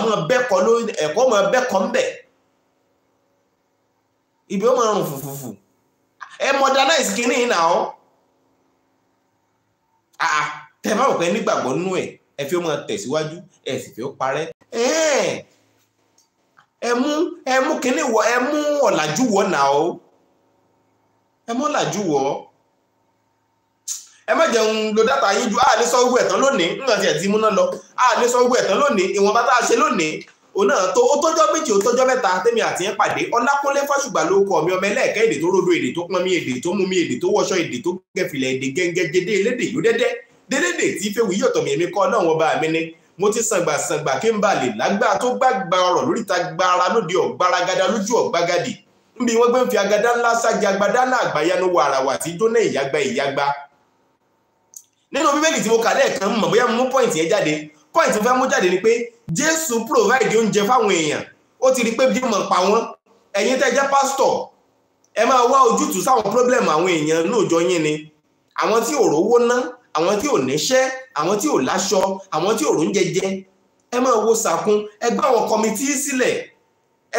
àwọn bẹ́kọ̀ ló ẹ̀kọ́ mọ̀ bẹ́kọ̀ ń bẹ̀ ibi ó máa rùn fùfùfù ẹ modernize kínní náà àà tẹ bá òkè nígbàgbọ́ nínú ẹ̀ ẹ fi ó máa tẹ̀síwájú ẹ sì fi ó parẹ́ ẹ mú ẹ mú kínní wọ ẹ mú ọ̀làjú wọ náà ẹ mú ọ̀làjú wọ ọ́ ẹ má jẹun lo data yín ju àní sọ́wọ́ ẹ̀tàn lónìí nǹkan tiẹ̀ ti múná lọ àní sọ́wọ́ ẹ̀tàn lónìí ìwọ̀nba tá a ṣe lónìí òun náà tó ó tọ́jọ́ méjì ó tọ́jọ́ mẹ́ta tẹ́mi àti yẹn pàdé ọlákúnlé fásùgbà ló kọ mi ọmọ ẹlẹ́ẹ̀kẹ́ èdè tó rodo èdè tó pọn mi èdè tó mú mi èdè tó wọṣọ èdè tó gẹ̀fìlẹ̀ èdè gẹ́ngẹ́gẹ́dé elédè yó dẹ́dẹ́ délédè tí fẹ́ wíyí ọ̀tọ̀ mi èmi kọ́ náà wọn bá mi ní mo ti sàngbà sàngbà kí n bá lè lágbà tó gbàgbà ọ̀rọ̀ lórí ta gbára lóde ọ̀gbaragada lójú ọ̀gbagadì nbí wọ́n gbé ń fi agada ńlá ságì agbada náà àgbáyanu wàràwà tí jóná ìyàgbá ìyàgbá nínú bíbélì tí mo kà lẹ́ẹ̀kan mọ̀ bóyá mú point yẹn jáde point fẹ́ mú jáde ni pé jésù provide oúnjẹ fáwọn èèyàn ó ti rí pé bí mọ̀ pa wọ́n ẹ̀yin tẹ́ jẹ́ pastor. ẹ máa wá ojútùú sáwọn problem àwọn èèyàn lóòjọ́ yín ni àwọn tí ò rówó ná àwọn tí ò níṣẹ́ àwọn tí ò láṣọ àwọn tí ò róúnjẹ jẹ ẹ máa wo sàkún ẹ gbé àwọn kọmití sílẹ̀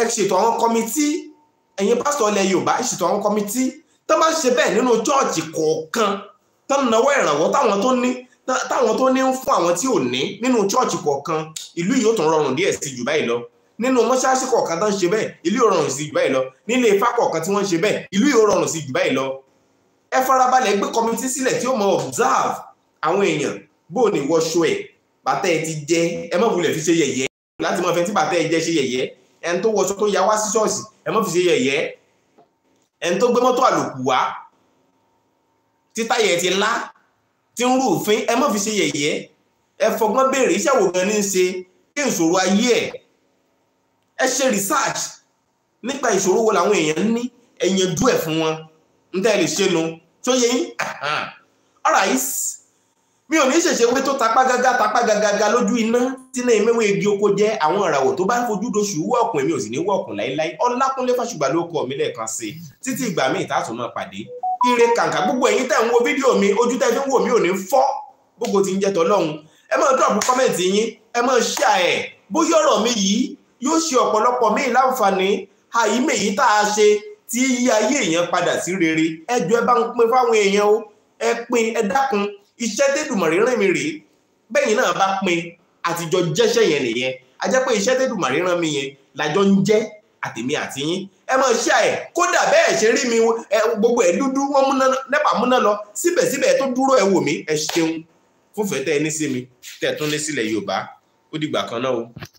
ẹ ṣètò àwọn kọmití ẹ̀yin pásítọ̀ ilẹ̀ yorùbá ṣètò àwọn kọmití tó bá ṣe bẹ́ẹ̀ nínú chọ́ọ̀chì tán náwó ìrànwọ́ táwọn tó ní táwọn tó ní ń fún àwọn tí ò ní nínú chọ́ọ̀chì kọ̀ọ̀kan ìlú yìí ó tún rọrùn díẹ̀ sí jù báyìí lọ nínú mọ́ṣáláṣí kọ̀ọ̀kan tó ń ṣe bẹ́ẹ̀ ìlú yóò rọrùn sí jù báyìí lọ nílé ifá kọ̀ọ̀kan tí wọ́n ń ṣe bẹ́ẹ̀ ìlú yóò rọrùn sí jù báyìí lọ ẹ farabalẹ̀ gbé kọmitì sílẹ̀ tí ó mọ observe àwọn èèyàn bó o ní wọṣọ ẹ̀ bàtà ẹ ti jẹ ẹ má wulẹ̀ fi ṣe yẹ̀yẹ́ láti mọ fẹ́ tí bàtà ẹ jẹ ṣe yẹ̀yẹ́ ẹni tó wọṣọ tó yá wá sí ṣọ́ọ̀ṣì ẹ má fi ṣe yẹ̀yẹ́ ẹni tó gbé mọ́tò àlòkù wá títáyẹ̀ ti lá tí ń rúfin ẹ má fi ṣe yẹ̀yẹ́ ẹ fọgbọ́n béèrè iṣẹ́ wo gan ní í ṣe kí ìṣòro ayé ẹ̀ ẹ ṣe research nípa ìṣòro wo làwọn èèyàn ní ẹ̀yìn dú ẹ̀ fún wọn ń tẹ́ ẹ lè ṣe nu tó yẹ yín all right mi ò ní ṣèṣe pé tó tapá gágá tapá gágá lójú iná tíná ìmẹ́wé igi oko jẹ́ àwọn ìràwọ̀ tó bá ń fojú doṣù wọ́ọ̀kùn èmi ò sì ní wọ́ọ̀kùn láéláé Ọlákúnlé Fásùgbà ló kọ mi lẹ́ẹ̀kan sí títí ìgbà míì tá a tún máa pàdé ire kàǹkà gbogbo ẹ̀yin tẹ̀ ń wo fídíò mi ojú tẹ̀ fi ń wò mí ò ní fọ́ gbogbo ti ń jẹ́ tọ́lọ́hun ẹ máa drop comment yín ẹ máa share ẹ̀ bóyá ọ̀rọ̀ mi yìí yóò ṣe ọ̀pọ̀lọpọ̀ míì láǹfààní àyímẹ̀ yìí tá a ṣe tí yí ayé èèyàn padà sí rere ẹ jọ̀ọ́ ẹ bá ń pín fáwọn èèyàn o ẹ pín ẹ dákun iṣẹ́ tẹ́dùmọ̀rí rán mi rèé bẹ́yìn náà bá pín àtijọ́ jẹ́ṣẹ́ yẹn nìyẹn a jẹ́ pé iṣẹ́ tẹ́dùmọ̀rí rán mi yẹn làjọ ń jẹ́ àtèmi àti yín ẹ mọ̀ ṣí àyẹ̀ kódà bẹ́ẹ̀ ṣe rí mi gbogbo ẹ̀ dúdú wọ́n múná nẹ́pà múná lọ síbẹ̀síbẹ̀ tó dúró ẹ wò mí ẹ ṣeun fúnfẹ́ tẹ́ ẹ ní sí mi tẹ́ ẹ tún ní sílẹ̀ Yorùbá ó dìgbà kan náà o.